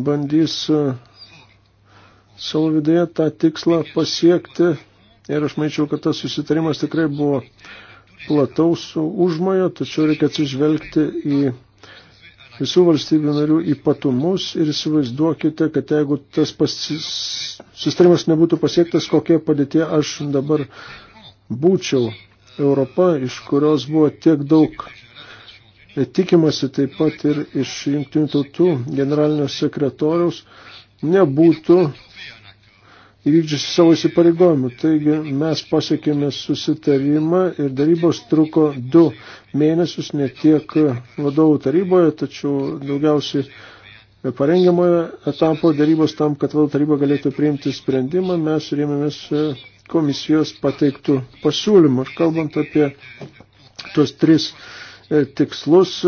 bandys e, savo viduje tą tikslą pasiekti ir aš maičiau, kad tas susitarimas tikrai buvo plataus užmojo, tačiau reikia atsižvelgti į visų valstybių narių ypatumus ir įsivaizduokite, kad jeigu tas sustarimas nebūtų pasiektas, kokie padėtie aš dabar būčiau. Europa, iš kurios buvo tiek daug tikimasi taip pat ir iš jungtinių tautų generalinio sekretoriaus, nebūtų įvykdžiusi savo įsipareigojimų. Taigi mes pasiekėme susitarimą ir darybos truko du mėnesius, ne tiek vadovų taryboje, tačiau daugiausiai parengiamojo etapo darybos tam, kad vadovų taryba galėtų priimti sprendimą, mes rėmėmės komisijos pateiktų pasiūlymų. Ir kalbant apie tuos tris e, tikslus,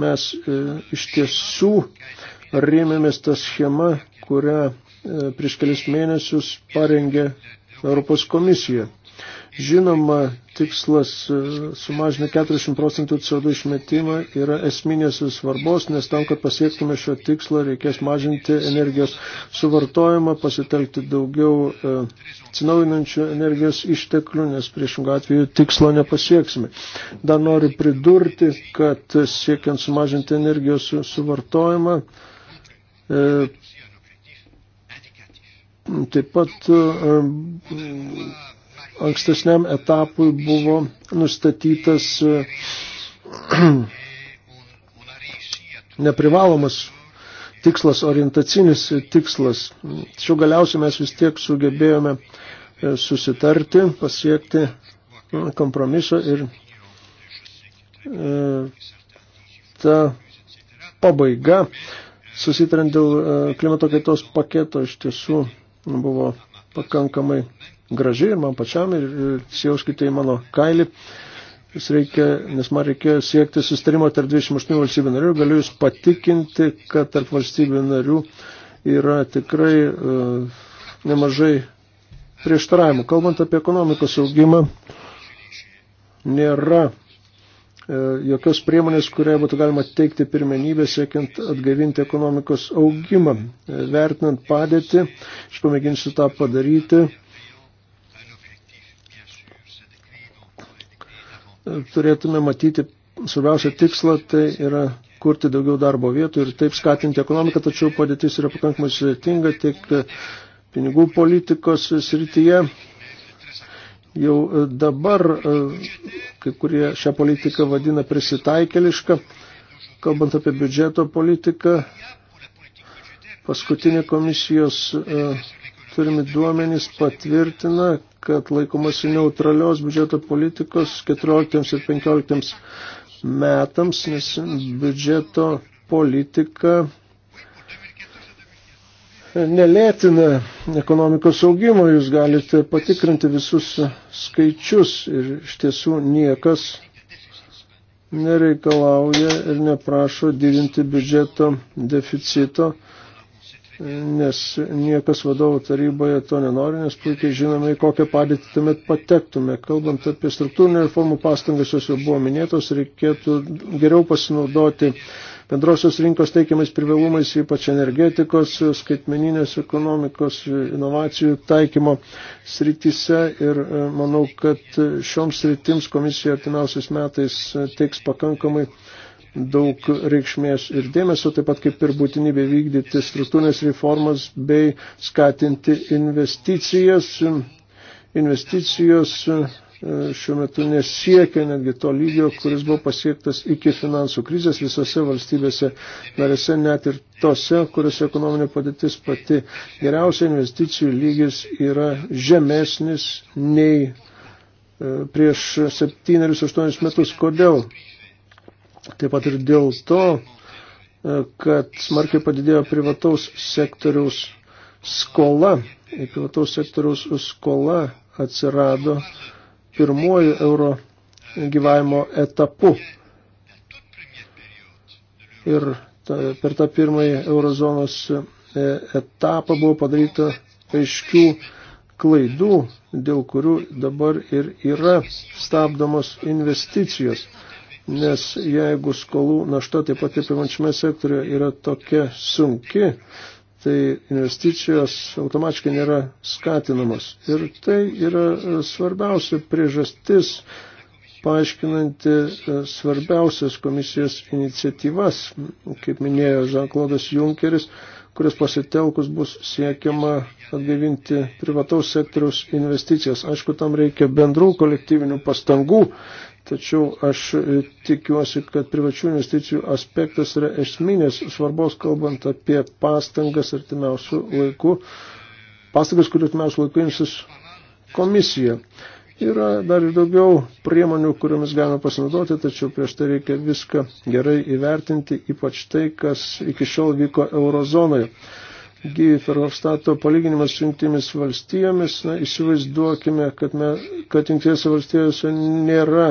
mes e, iš tiesų rėmėmės tą schemą, kurią e, prieš kelis mėnesius parengė Europos komisija. Žinoma, tikslas e, sumažinti 40 procentų CO2 išmetimą yra esminės svarbos, nes tam, kad pasiektume šio tikslo, reikės mažinti energijos suvartojimą, pasitelkti daugiau e, atsinaujinančių energijos išteklių, nes priešingų atveju tikslo nepasieksime. Dar noriu pridurti, kad siekiant sumažinti energijos suvartojimą, Taip pat e, ankstesniam etapui buvo nustatytas e, neprivalomas tikslas, orientacinis tikslas. Tačiau galiausiai mes vis tiek sugebėjome e, susitarti, pasiekti kompromiso ir ta pabaiga susitarant dėl e, klimato kaitos paketo iš tiesų buvo pakankamai graži ir man pačiam ir sijauskite į mano kailį. Jūs reikia, nes man reikėjo siekti sustarimo tarp 28 valstybių narių, galiu jūs patikinti, kad tarp valstybių narių yra tikrai uh, nemažai prieštaravimų. Kalbant apie ekonomikos augimą, nėra E, jokios priemonės, kuriai būtų galima teikti pirmenybę, siekiant atgavinti ekonomikos augimą. E, vertinant padėtį, aš pamėginsiu tą padaryti. E, turėtume matyti svarbiausią tikslą, tai yra kurti daugiau darbo vietų ir taip skatinti ekonomiką, tačiau padėtis yra pakankamai sudėtinga tiek pinigų politikos srityje, jau e, dabar e, kai kurie šią politiką vadina prisitaikelišką. Kalbant apie biudžeto politiką, paskutinė komisijos e, turimi duomenys patvirtina, kad laikomasi neutralios biudžeto politikos 14 ir 15 metams, nes biudžeto politika nelėtina ekonomikos augimo, jūs galite patikrinti visus skaičius ir iš tiesų niekas nereikalauja ir neprašo didinti biudžeto deficito, nes niekas vadovų taryboje to nenori, nes puikiai žinome, į kokią padėtį tuomet patektume. Kalbant apie struktūrinę reformų pastangas, jos jau buvo minėtos, reikėtų geriau pasinaudoti bendrosios rinkos teikiamais privalumais, ypač energetikos, skaitmeninės ekonomikos, inovacijų taikymo srityse. Ir e, manau, kad šioms sritims komisija artimiausiais metais teiks pakankamai daug reikšmės ir dėmesio, taip pat kaip ir būtinybė vykdyti struktūrinės reformas bei skatinti investicijas. Investicijos E, šiuo metu nesiekia netgi to lygio, kuris buvo pasiektas iki finansų krizės visose valstybėse narėse, net ir tose, kuriuose ekonominė padėtis pati geriausia investicijų lygis yra žemesnis nei e, prieš 7-8 metus. Kodėl? Taip pat ir dėl to, e, kad smarkiai padidėjo privataus sektoriaus skola. Privataus sektoriaus skola atsirado uh, pirmuoju euro gyvavimo etapu. Ir ta, per tą pirmąjį eurozonos e, etapą buvo padaryta aiškių klaidų, dėl kurių dabar ir yra stabdomos investicijos. Nes jeigu skolų našta taip pat ir privačiame sektoriuje yra tokia sunki, tai investicijos automatiškai nėra skatinamos. Ir tai yra e, svarbiausia priežastis, paaiškinanti e, svarbiausias komisijos iniciatyvas, kaip minėjo Žanklodas Junkeris, kuris pasitelkus bus siekiama atgaivinti privataus sektoriaus investicijas. Aišku, tam reikia bendrų kolektyvinių pastangų, Tačiau aš e, tikiuosi, kad privačių investicijų aspektas yra esminės svarbos, kalbant apie pastangas artimiausių laikų, pastangas, kurių artimiausių laikų imsis komisija. Yra dar ir daugiau priemonių, kuriomis galime pasinaudoti, tačiau prieš tai reikia viską gerai įvertinti, ypač tai, kas iki šiol vyko eurozonoje. Gyvi Ferhofstato palyginimas su jungtimis valstijomis, na, įsivaizduokime, kad, me, kad jungtinėse valstijose nėra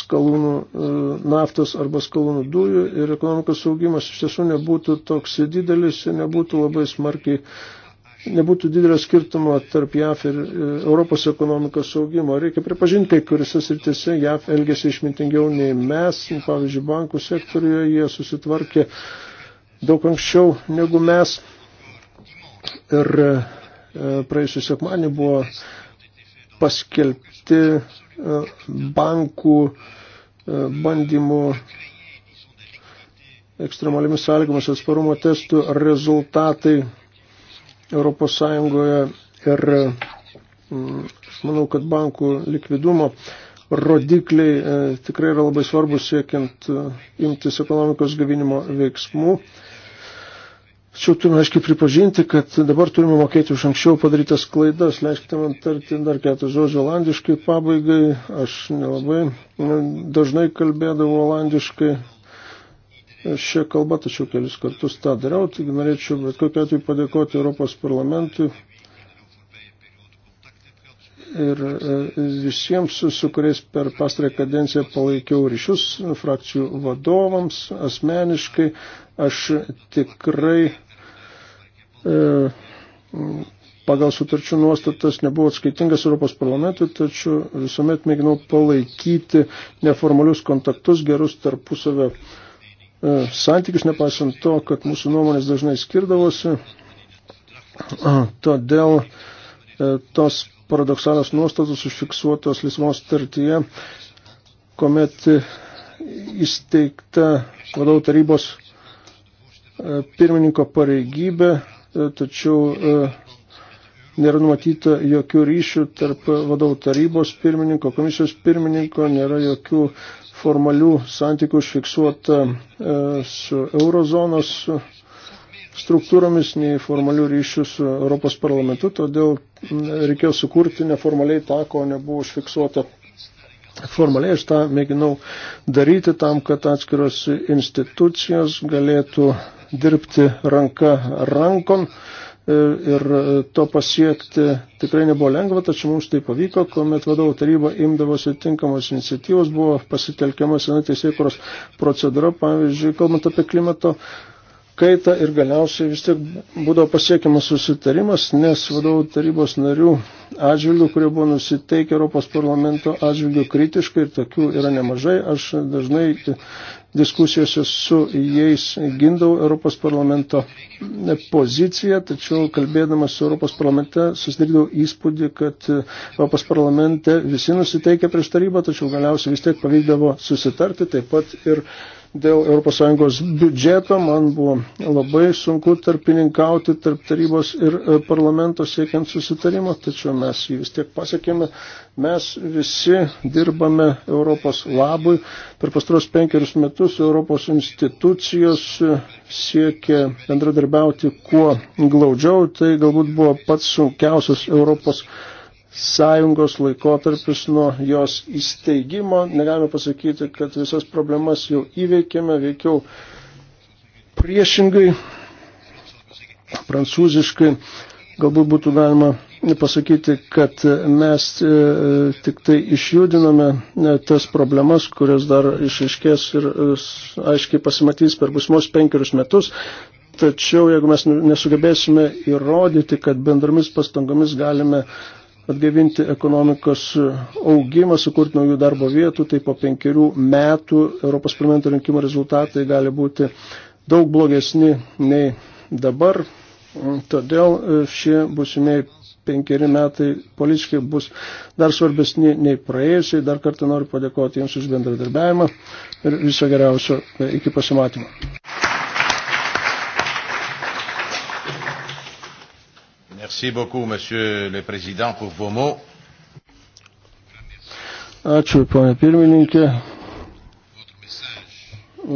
skalūnų e, naftos arba skalūnų dujų ir ekonomikos augimas iš tiesų nebūtų toks didelis ir nebūtų labai smarkiai, nebūtų didelio skirtumo tarp JAF ir e, Europos ekonomikos augimo. Reikia pripažinti, kai kuriuose srityse JAF elgėsi išmintingiau nei mes, pavyzdžiui, bankų sektoriuje jie susitvarkė daug anksčiau negu mes. Ir e, praėjusiu sekmanį buvo paskelbti e, bankų e, bandymų ekstremaliomis sąlygomis atsparumo testų rezultatai Europos Sąjungoje ir mm, manau, kad bankų likvidumo rodikliai tikrai yra labai svarbus siekiant imtis ekonomikos gavinimo veiksmų. Tačiau turime aiškiai pripažinti, kad dabar turime mokėti už anksčiau padarytas klaidas. Leiskite man tarti dar keletą žodžių olandiškai pabaigai. Aš nelabai e, dažnai kalbėdavau olandiškai šią kalbą, tačiau kelis kartus tą dariau. Taigi norėčiau bet kokiu atveju padėkoti Europos parlamentui ir e, visiems, su kuriais per pastarąją kadenciją palaikiau ryšius frakcijų vadovams asmeniškai. Aš tikrai e, pagal sutarčių nuostatas nebuvo atskaitingas Europos parlamentui, tačiau visuomet mėginau palaikyti neformalius kontaktus, gerus tarpusavio e, santykius, nepaisant to, kad mūsų nuomonės dažnai skirdavosi. Todėl e, tos paradoksalios nuostatos užfiksuotos Lismos tartyje, kuomet įsteigta vadovų tarybos e, pirmininko pareigybė, e, tačiau e, nėra numatyta jokių ryšių tarp vadovų tarybos pirmininko, komisijos pirmininko, nėra jokių formalių santykių užfiksuota su eurozonos struktūromis, nei formalių ryšių su Europos parlamentu, todėl reikėjo sukurti neformaliai tą, ko nebuvo užfiksuota. Formaliai aš tą mėginau daryti tam, kad atskiros institucijos galėtų dirbti ranka rankom e, ir to pasiekti tikrai nebuvo lengva, tačiau mums tai pavyko, kuomet vadovų taryba imdavosi tinkamos iniciatyvos, buvo pasitelkiama sena teisėkuros procedūra, pavyzdžiui, kalbant apie klimato kaitą ir galiausiai vis tiek būdavo pasiekiamas susitarimas, nes vadovų tarybos narių atžvilgių, kurie buvo nusiteikę Europos parlamento atžvilgių kritiškai ir tokių yra nemažai, aš dažnai diskusijose su jais gindau Europos parlamento poziciją, tačiau kalbėdamas su Europos parlamente susidarydavau įspūdį, kad Europos parlamente visi nusiteikia prieš tarybą, tačiau galiausiai vis tiek pavykdavo susitarti taip pat ir dėl ES biudžeto. Man buvo labai sunku tarpininkauti tarp tarybos ir e, parlamento siekiant susitarimo, tačiau mes jį vis tiek pasiekėme. Mes visi dirbame Europos labui. Per pastaros penkerius metus Europos institucijos e, siekia bendradarbiauti kuo glaudžiau. Tai galbūt buvo pats sunkiausias Europos sąjungos laikotarpis nuo jos įsteigimo. Negalime pasakyti, kad visas problemas jau įveikėme, veikiau priešingai, prancūziškai. Galbūt būtų galima pasakyti, kad mes e, tik tai išjudiname e, tas problemas, kurios dar išaiškės ir e, aiškiai pasimatys per busmos penkerius metus. Tačiau jeigu mes nesugebėsime įrodyti, kad bendromis pastangomis galime uh, atgaivinti ekonomikos augimą, sukurti naujų darbo vietų, tai po penkerių metų Europos parlamento rinkimų rezultatai gali būti daug blogesni nei dabar. Todėl e, šie būsimieji penkeri metai politiškai bus dar svarbesni nei praėjusiai. Dar kartą noriu padėkoti Jums už bendradarbiavimą ir viso geriausio e, iki pasimatymo. Merci beaucoup, monsieur le président, pour vos mots. Ačiū, ponė pirmininkė,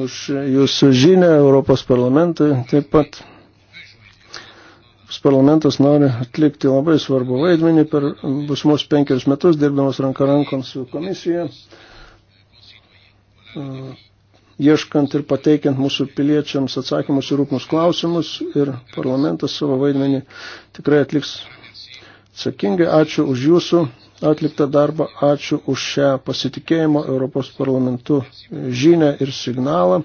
už jūsų žinę Europos parlamentui. Taip pat parlamentas nori atlikti labai svarbu vaidmenį per busmus penkerius metus dirbiamas ranka rankon su komisija ieškant ir pateikiant mūsų piliečiams atsakymus ir rūpmus klausimus ir parlamentas savo vaidmenį tikrai atliks atsakingai. Ačiū už jūsų atliktą darbą, ačiū už šią pasitikėjimo Europos parlamentu žinę ir signalą.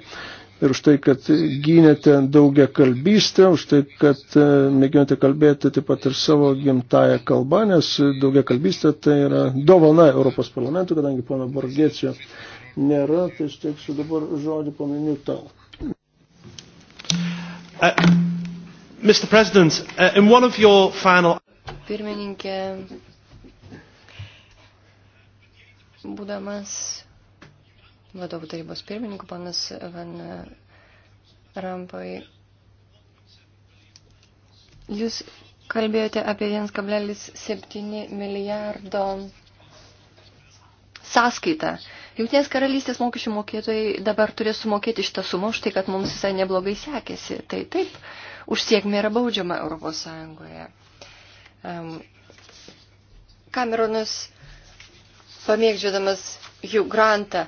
Ir už tai, kad gynėte daugia kalbystę, už tai, kad e, mėginote kalbėti taip pat ir savo gimtają kalbą, nes daugia kalbystė tai yra dovana Europos parlamentu, kadangi pono Borgėcijo nėra, tai aš teiksiu dabar žodį paminiu tau. Uh, Mr. President, uh, in one of your final... Pirmininkė, būdamas vadovų tarybos pirmininku, panas Van Rampai, jūs kalbėjote apie 1,7 milijardo sąskaitą Jungtinės karalystės mokesčių mokėtojai dabar turės sumokėti šitą sumą už tai, kad mums visai neblogai sekėsi. Tai taip, už sėkmę yra baudžiama Europos Sąjungoje. Um, Kameronas, pamėgdžiodamas jų grantą,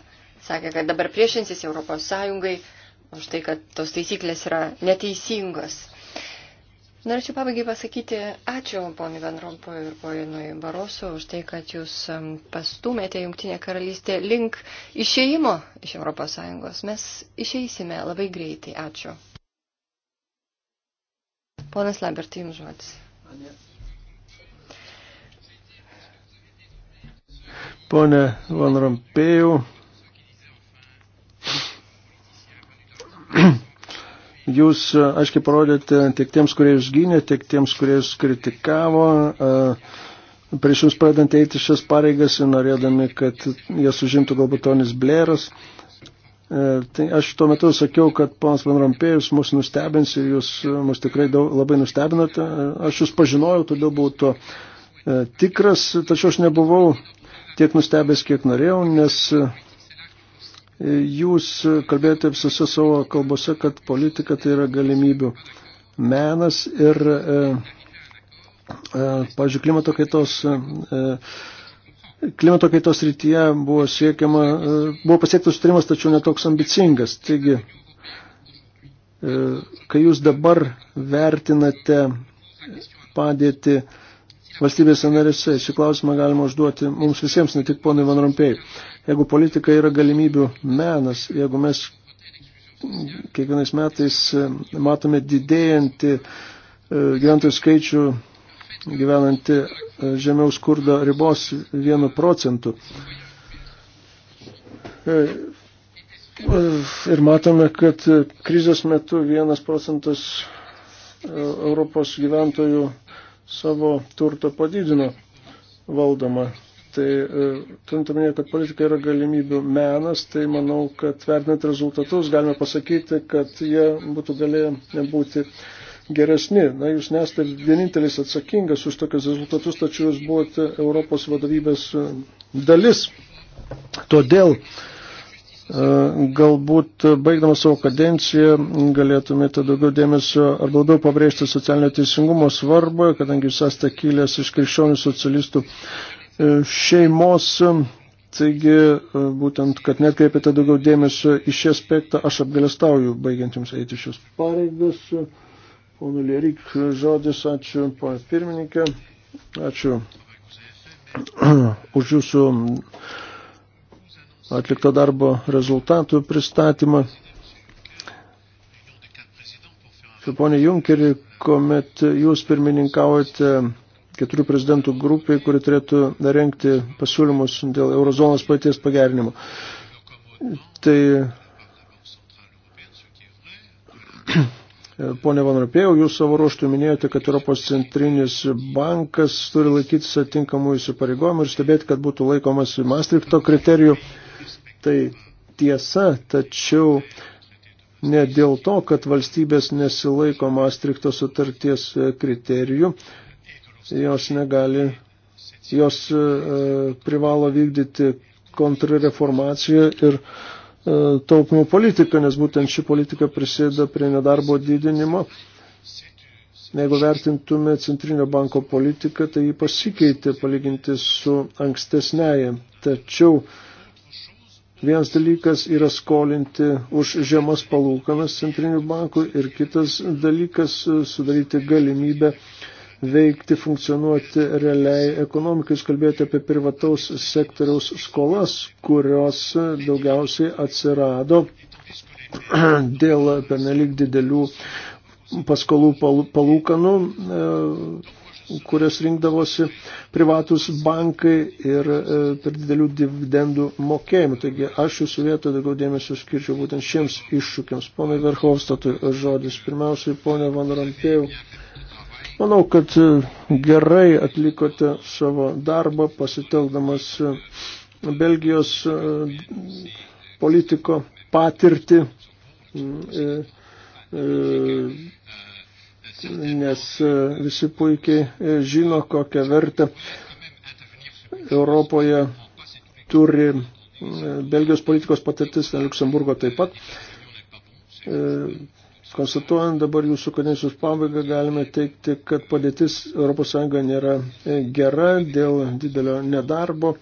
sakė, kad dabar priešinsis Europos Sąjungai už tai, kad tos taisyklės yra neteisingos. Norėčiau pabaigai pasakyti ačiū ponui Venrompo ir ponui Barosu už tai, kad jūs pastumėte Junktinę karalystę link išėjimo iš ES. Mes išeisime labai greitai. Ačiū. Ponas Lambertai, jums žodis. Pone Van Rompėjų, Jūs e, aiškiai parodėte tiek tiems, kurie jūs gynė, tiek tiems, kurie jūs kritikavo. Uh, prieš jums pradant eiti šias pareigas ir norėdami, kad jas užimtų galbūt Tonis Blėras. E, tai aš tuo metu sakiau, kad ponas Van Rompėjus mus nustebins ir jūs e, mus tikrai daug, labai nustebinote. Aš jūs pažinojau, todėl buvau to e, tikras, tačiau aš nebuvau tiek nustebęs, kiek norėjau, nes Jūs kalbėjote visose savo kalbose, kad politika tai yra galimybių menas ir, e, e, pavyzdžiui, klimato kaitos. E, Klimato kaitos rytyje buvo siekiama, e, buvo pasiektas sutarimas, tačiau netoks ambicingas. Taigi, e, kai jūs dabar vertinate padėti valstybės narėse, šį klausimą galima užduoti mums visiems, ne tik ponui Van Rompėjui. Jeigu politika yra galimybių menas, jeigu mes kiekvienais metais e, matome didėjantį e, gyventojų skaičių gyvenantį e, žemiau skurdo ribos vienu procentu. Ir matome, kad krizės metu vienas procentas Europos gyventojų savo turto padidino valdomą Tai e, turint omenyje, kad politika yra galimybių menas, tai manau, kad vertinant rezultatus galime pasakyti, kad jie būtų galėję nebūti geresni. Na, jūs nesate vienintelis atsakingas už tokius rezultatus, tačiau jūs buvote Europos vadovybės e, dalis. Todėl e, galbūt baigdamas savo kadenciją galėtumėte daugiau dėmesio arba daugiau pabrėžti socialinio teisingumo svarbą, kadangi jūs esate kilęs iš krikščionių socialistų E, šeimos. E, taigi, e, būtent, kad netkreipėte daugiau dėmesio į šį aspektą, aš apgalestauju, baigiant jums eiti šios pareigas. Pono Lierik, žodis, ačiū, pana pirmininkė, ačiū už jūsų atlikto darbo rezultatų pristatymą. Ponė Junkeri, kuomet jūs pirmininkaujate keturių prezidentų grupiai, kuri turėtų renkti pasiūlymus dėl eurozonos paties pagerinimo. Tai, ponė Van Rapėjau, jūs savo ruoštų minėjote, kad Europos centrinis bankas turi laikytis atinkamų įsipareigojimų ir stebėti, kad būtų laikomas Maastrichto kriterijų. Tai tiesa, tačiau ne dėl to, kad valstybės nesilaiko Maastrichto sutarties kriterijų, jos negali, jos e, privalo vykdyti kontrreformaciją ir e, taupimo politiką, nes būtent ši politika prisėda prie nedarbo didinimo. Jeigu vertintume Centrinio banko politiką, tai jį pasikeitė palyginti su ankstesnėje. Tačiau vienas dalykas yra skolinti už žemas palūkanas Centrinių bankų ir kitas dalykas e, sudaryti galimybę uh, veikti, funkcionuoti realiai ekonomikai. Jūs kalbėjote apie privataus sektoriaus skolas, kurios daugiausiai atsirado dėl pernelyg didelių paskolų palūkanų, e, kurias rinkdavosi privatus bankai ir e, per didelių dividendų mokėjimų. Taigi aš jūsų vietoje daugiau dėmesio skirčiau būtent šiems iššūkiams. Pone Verhovstatui žodis. Pirmiausiai, pone Van Rampėjau. Manau, kad e, gerai atlikote savo darbą pasiteldamas e, Belgijos e, politiko patirtį, mm, nes visi puikiai žino, kokią vertę Europoje turi mm, Belgijos politikos patirtis, Luksemburgo taip pat Konstatuojant dabar jūsų kadencijos pabaigą, galime teikti, kad padėtis ES nėra e, gera dėl didelio nedarbo,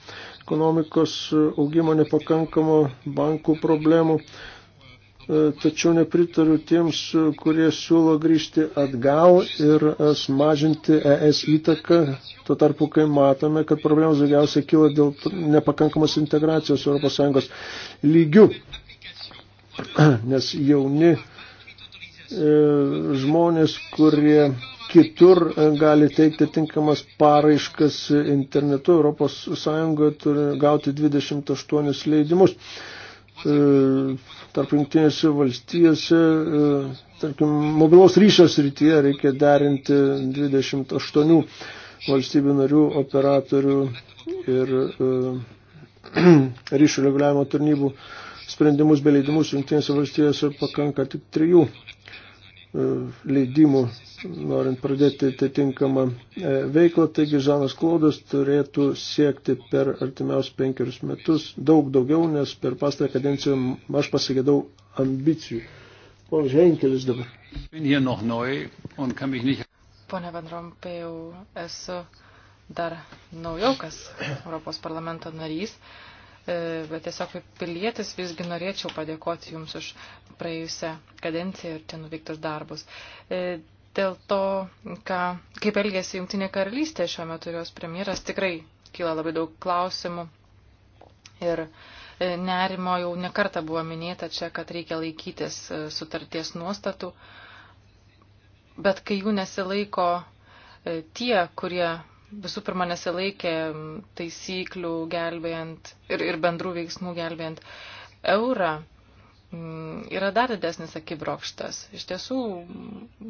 ekonomikos e, augimo nepakankamo, bankų problemų. E, tačiau nepritariu tiems, kurie siūlo grįžti atgal ir mažinti ES įtaką, tuo tarpu, kai matome, kad problemos daugiausiai kyla dėl nepakankamos integracijos ES lygių, nes jauni E, žmonės, kurie kitur gali teikti tinkamas paraiškas internetu Europos Sąjungoje turi gauti 28 leidimus. E, tarp jungtinėse valstijose, e, tarkim, mobilaus ryšio srityje reikia derinti 28 valstybių narių operatorių ir ryšių reguliavimo tarnybų sprendimus be leidimus Junktinėse valstijose pakanka tik trijų e, leidimų, norint pradėti atitinkamą e, veiklą. Taigi Žanas Klaudas turėtų siekti per artimiaus penkerius metus daug daugiau, nes per pastarą kadenciją aš pasigėdau ambicijų. Ponas Henkelis dabar. Pone Vendrompėjau, esu dar naujokas Europos parlamento narys E, bet tiesiog kaip pilietis visgi norėčiau padėkoti Jums už praėjusią kadenciją ir ten nuveiktus darbus. E, dėl to, ką, kaip elgėsi Jungtinė karalystė šiuo metu jos premjeras, tikrai kyla labai daug klausimų ir e, nerimo jau nekarta buvo minėta čia, kad reikia laikytis sutarties nuostatų, bet kai jų nesilaiko tie, kurie visų pirma nesilaikė taisyklių gelbėjant ir, ir bendrų veiksmų gelbėjant eurą, mm, yra dar didesnis akibrokštas. Iš tiesų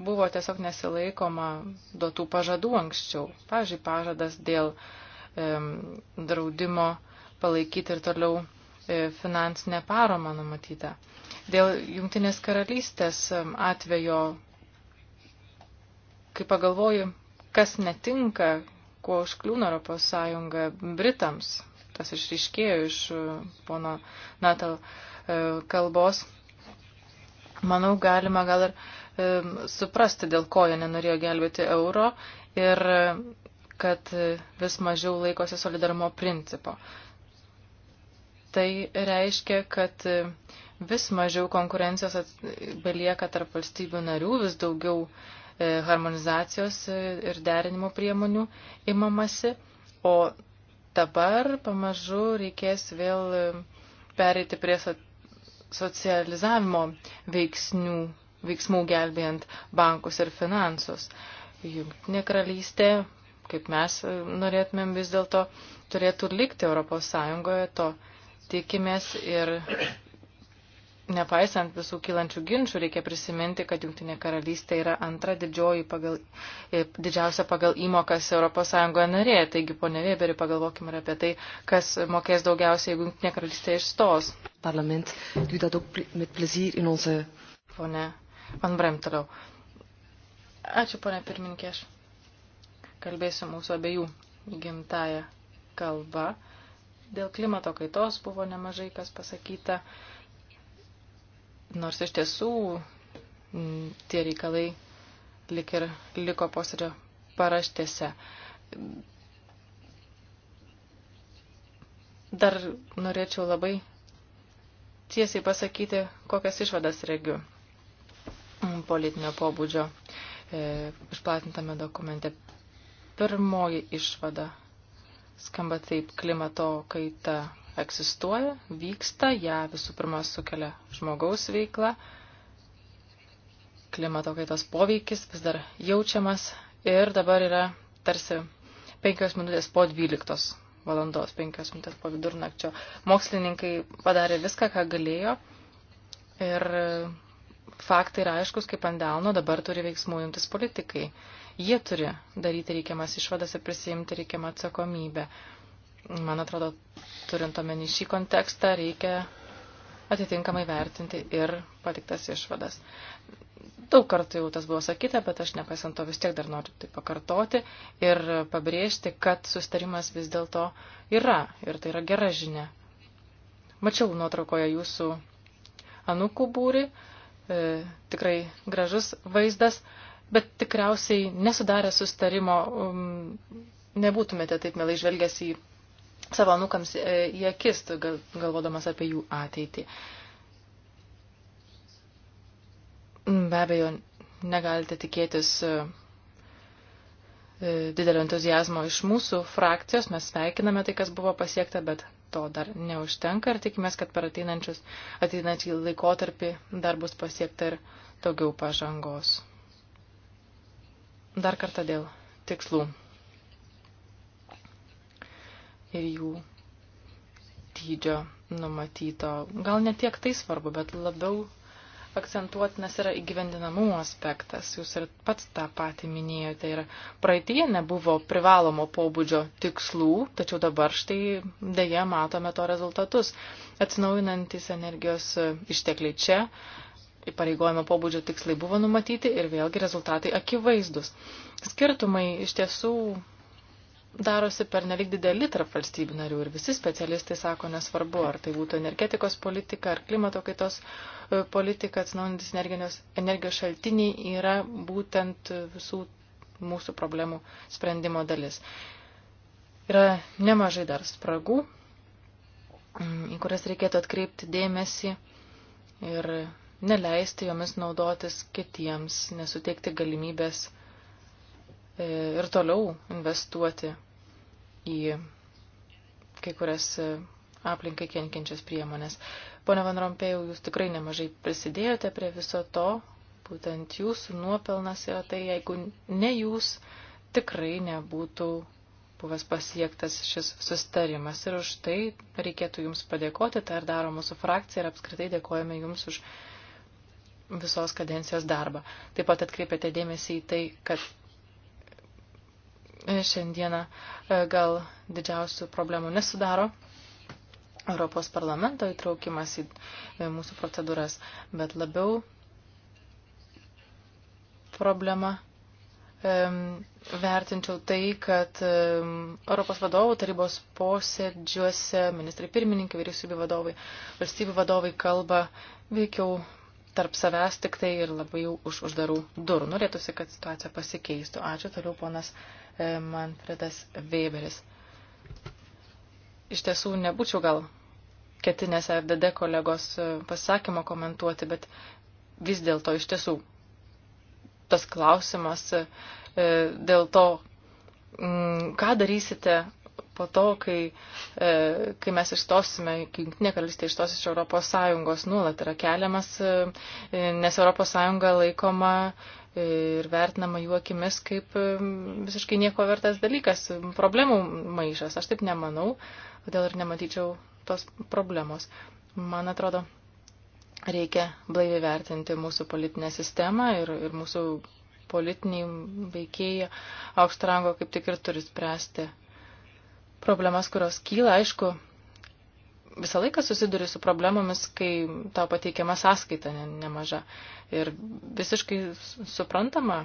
buvo tiesiog nesilaikoma duotų pažadų anksčiau. Pavyzdžiui, pažadas dėl e, draudimo palaikyti ir toliau e, finansinę paromą numatytą. Dėl Jungtinės karalystės atvejo, kai pagalvoju, kas netinka, kuo užkliūna Europos Sąjunga Britams. Tas išriškėjo iš uh, pono Natal uh, kalbos. Manau, galima gal ir um, suprasti, dėl ko jie nenorėjo gelbėti euro ir uh, kad vis mažiau laikosi solidarumo principo. Tai reiškia, kad vis mažiau konkurencijos belieka tarp valstybių narių, vis daugiau E, harmonizacijos e, ir derinimo priemonių imamasi, o dabar pamažu reikės vėl e, pereiti prie socializavimo veiksnių, veiksmų gelbėjant bankus ir finansus. Jungtinė karalystė, kaip mes norėtumėm vis dėlto, turėtų likti Europos Sąjungoje, to tikimės ir Nepaisant visų kylančių ginčių, reikia prisiminti, kad Junktinė karalystė yra antra didžioji pagal, e, didžiausia pagal įmokas ES narė. Taigi, ponė Weberi, pagalvokime ir apie tai, kas mokės daugiausiai, jeigu Junktinė karalystė išstos. Parlament, Pone Van Brem toliau. Ačiū, ponė pirmininkė, aš kalbėsiu mūsų abiejų gimtają kalbą. Dėl klimato kaitos buvo nemažai kas pasakyta. Uh, Nors iš tiesų tie reikalai lik ir liko posėdžio paraštėse. Dar norėčiau labai tiesiai pasakyti, kokias išvadas regiu politinio pobūdžio e, išplatintame dokumente. Pirmoji išvada skamba taip klimato kaita egzistuoja, vyksta, ją visų pirma sukelia žmogaus veikla, klimato kaitos poveikis vis dar jaučiamas ir dabar yra tarsi 5 minutės po 12 valandos, 5 minutės po vidurnakčio. Mokslininkai padarė viską, ką galėjo ir faktai yra aiškus, kaip ant delno dabar turi veiksmų imtis politikai. Jie turi daryti reikiamas išvadas ir prisijimti reikiamą atsakomybę. Man atrodo, turint omeny šį kontekstą, reikia atitinkamai vertinti ir patiktas išvadas. Daug kartų jau tas buvo sakyta, bet aš nepaisant to vis tiek dar noriu tai pakartoti ir pabrėžti, kad sustarimas vis dėlto yra ir tai yra gera žinia. Mačiau nuotraukoje jūsų anūkų būri, e, tikrai gražus vaizdas, bet tikriausiai nesudarę sustarimo um, nebūtumėte taip melai žvelgęs į savo anukams e, į akis, galvodamas apie jų ateitį. Be abejo, negalite tikėtis e, e, didelio entuzijazmo iš mūsų frakcijos. Mes sveikiname tai, kas buvo pasiekta, bet to dar neužtenka ir tikimės, kad per ateinančius ateinančią laikotarpį dar bus pasiekta ir daugiau pažangos. Dar kartą dėl tikslų ir jų dydžio numatyto. Gal ne tiek tai svarbu, bet labiau akcentuotinas yra įgyvendinamumo aspektas. Jūs ir pats tą patį minėjote. Ir praeitie nebuvo privalomo pobūdžio tikslų, tačiau dabar štai dėje matome to rezultatus. Atsinaujinantis energijos ištekliai čia, įpareigojimo pobūdžio tikslai buvo numatyti ir vėlgi rezultatai akivaizdus. Skirtumai iš tiesų darosi per nelik dideli tarp valstybių narių ir visi specialistai sako, nesvarbu, ar tai būtų energetikos politika, ar klimato kaitos e, politika, atsinaujantis energijos šaltiniai yra būtent visų mūsų problemų sprendimo dalis. Yra nemažai dar spragų, mm, į kurias reikėtų atkreipti dėmesį ir neleisti jomis naudotis kitiems, nesuteikti galimybės E, ir toliau investuoti į kai kurias e, aplinkai kenkiančias priemonės. Pone Van Rompėjau, jūs tikrai nemažai prisidėjote prie viso to, būtent jūsų nuopelnas yra tai, jeigu ne jūs, tikrai nebūtų buvęs pasiektas šis sustarimas. Ir už tai reikėtų jums padėkoti, tai ir daro mūsų frakcija ir apskritai dėkojame jums už visos kadencijos darbą. Taip pat atkreipėte dėmesį į tai, kad šiandieną e, gal didžiausių problemų nesudaro. Europos parlamento įtraukimas į e, mūsų procedūras, bet labiau problema vertinčiau tai, kad Europos vadovų tarybos posėdžiuose ministrai pirmininkai, vyriausybių vadovai, valstybių vadovai kalba veikiau tarp savęs tik tai ir labai jau už uždarų durų. Norėtųsi, kad situacija pasikeistų. Ačiū toliau ponas e, Manfredas Weberis. Iš tiesų nebūčiau gal ketinės FDD kolegos e, pasakymo komentuoti, bet vis dėlto iš tiesų tas klausimas e, dėl to, ką darysite po to, kai, e, kai mes išstosime, kai Junktinė karalystė išstos iš Europos Sąjungos, nuolat yra keliamas, e, e nes Europos Sąjunga laikoma ir vertinama jų akimis kaip e, visiškai nieko vertas dalykas, problemų maišas. Aš taip nemanau, todėl ir nematyčiau tos problemos. Man atrodo, reikia blaiviai vertinti mūsų politinę sistemą ir, ir mūsų politiniai veikėjai aukštrango kaip tik ir turi spręsti problemas, kurios kyla, aišku, visą laiką susiduri su problemomis, kai tau pateikiama sąskaita ne, nemaža. Ir visiškai suprantama,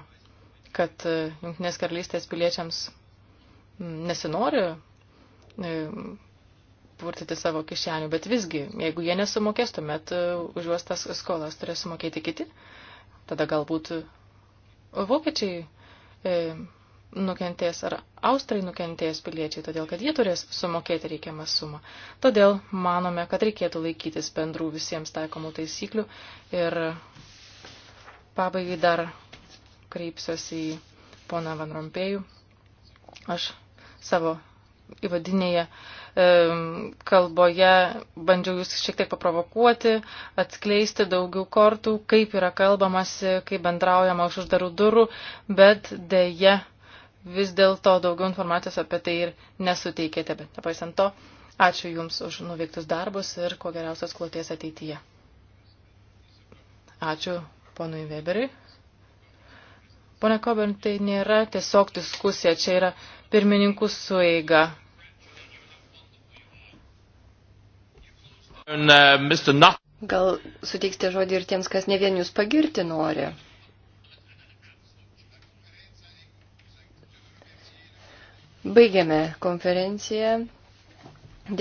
kad e, Junktinės karalystės piliečiams nesinori e, purtyti savo kišenių, bet visgi, jeigu jie nesumokės, tuomet e, už juos tas skolas turės sumokėti kiti. Tada galbūt vokiečiai nukentės ar Austrai nukentės piliečiai, todėl kad jie turės sumokėti reikiamą sumą. Todėl manome, kad reikėtų laikytis bendrų visiems taikomų taisyklių ir pabaigai dar kreipsiuosi į poną Van Rompėjų. Aš savo įvadinėje kalboje bandžiau jūs šiek tiek paprovokuoti, atskleisti daugiau kortų, kaip yra kalbamasi, kaip bendraujama už uždarų durų, bet dėje vis dėlto daugiau informacijos apie tai ir nesuteikėte, bet nepaisant to, ačiū Jums už nuveiktus darbus ir ko geriausios kloties ateityje. Ačiū ponui Weberiui. Pone Kobern, tai nėra tiesiog diskusija, čia yra pirmininkų sueiga. Uh, Gal suteiksite žodį ir tiems, kas ne vien jūs pagirti nori. Baigiame konferenciją.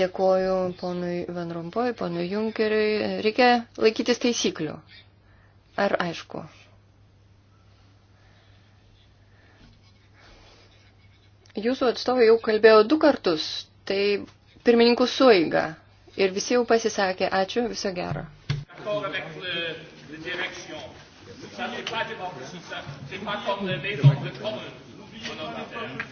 Dėkoju ponui Van Rompoj, ponui Junkeriui. Reikia laikytis taisyklių. Ar aišku? Jūsų atstovai jau kalbėjo du kartus, tai pirmininkų suiga. Ir visi jau pasisakė, ačiū, viso gero. Ça n'est pas démocratique, c'est pas comme les maisons de communes.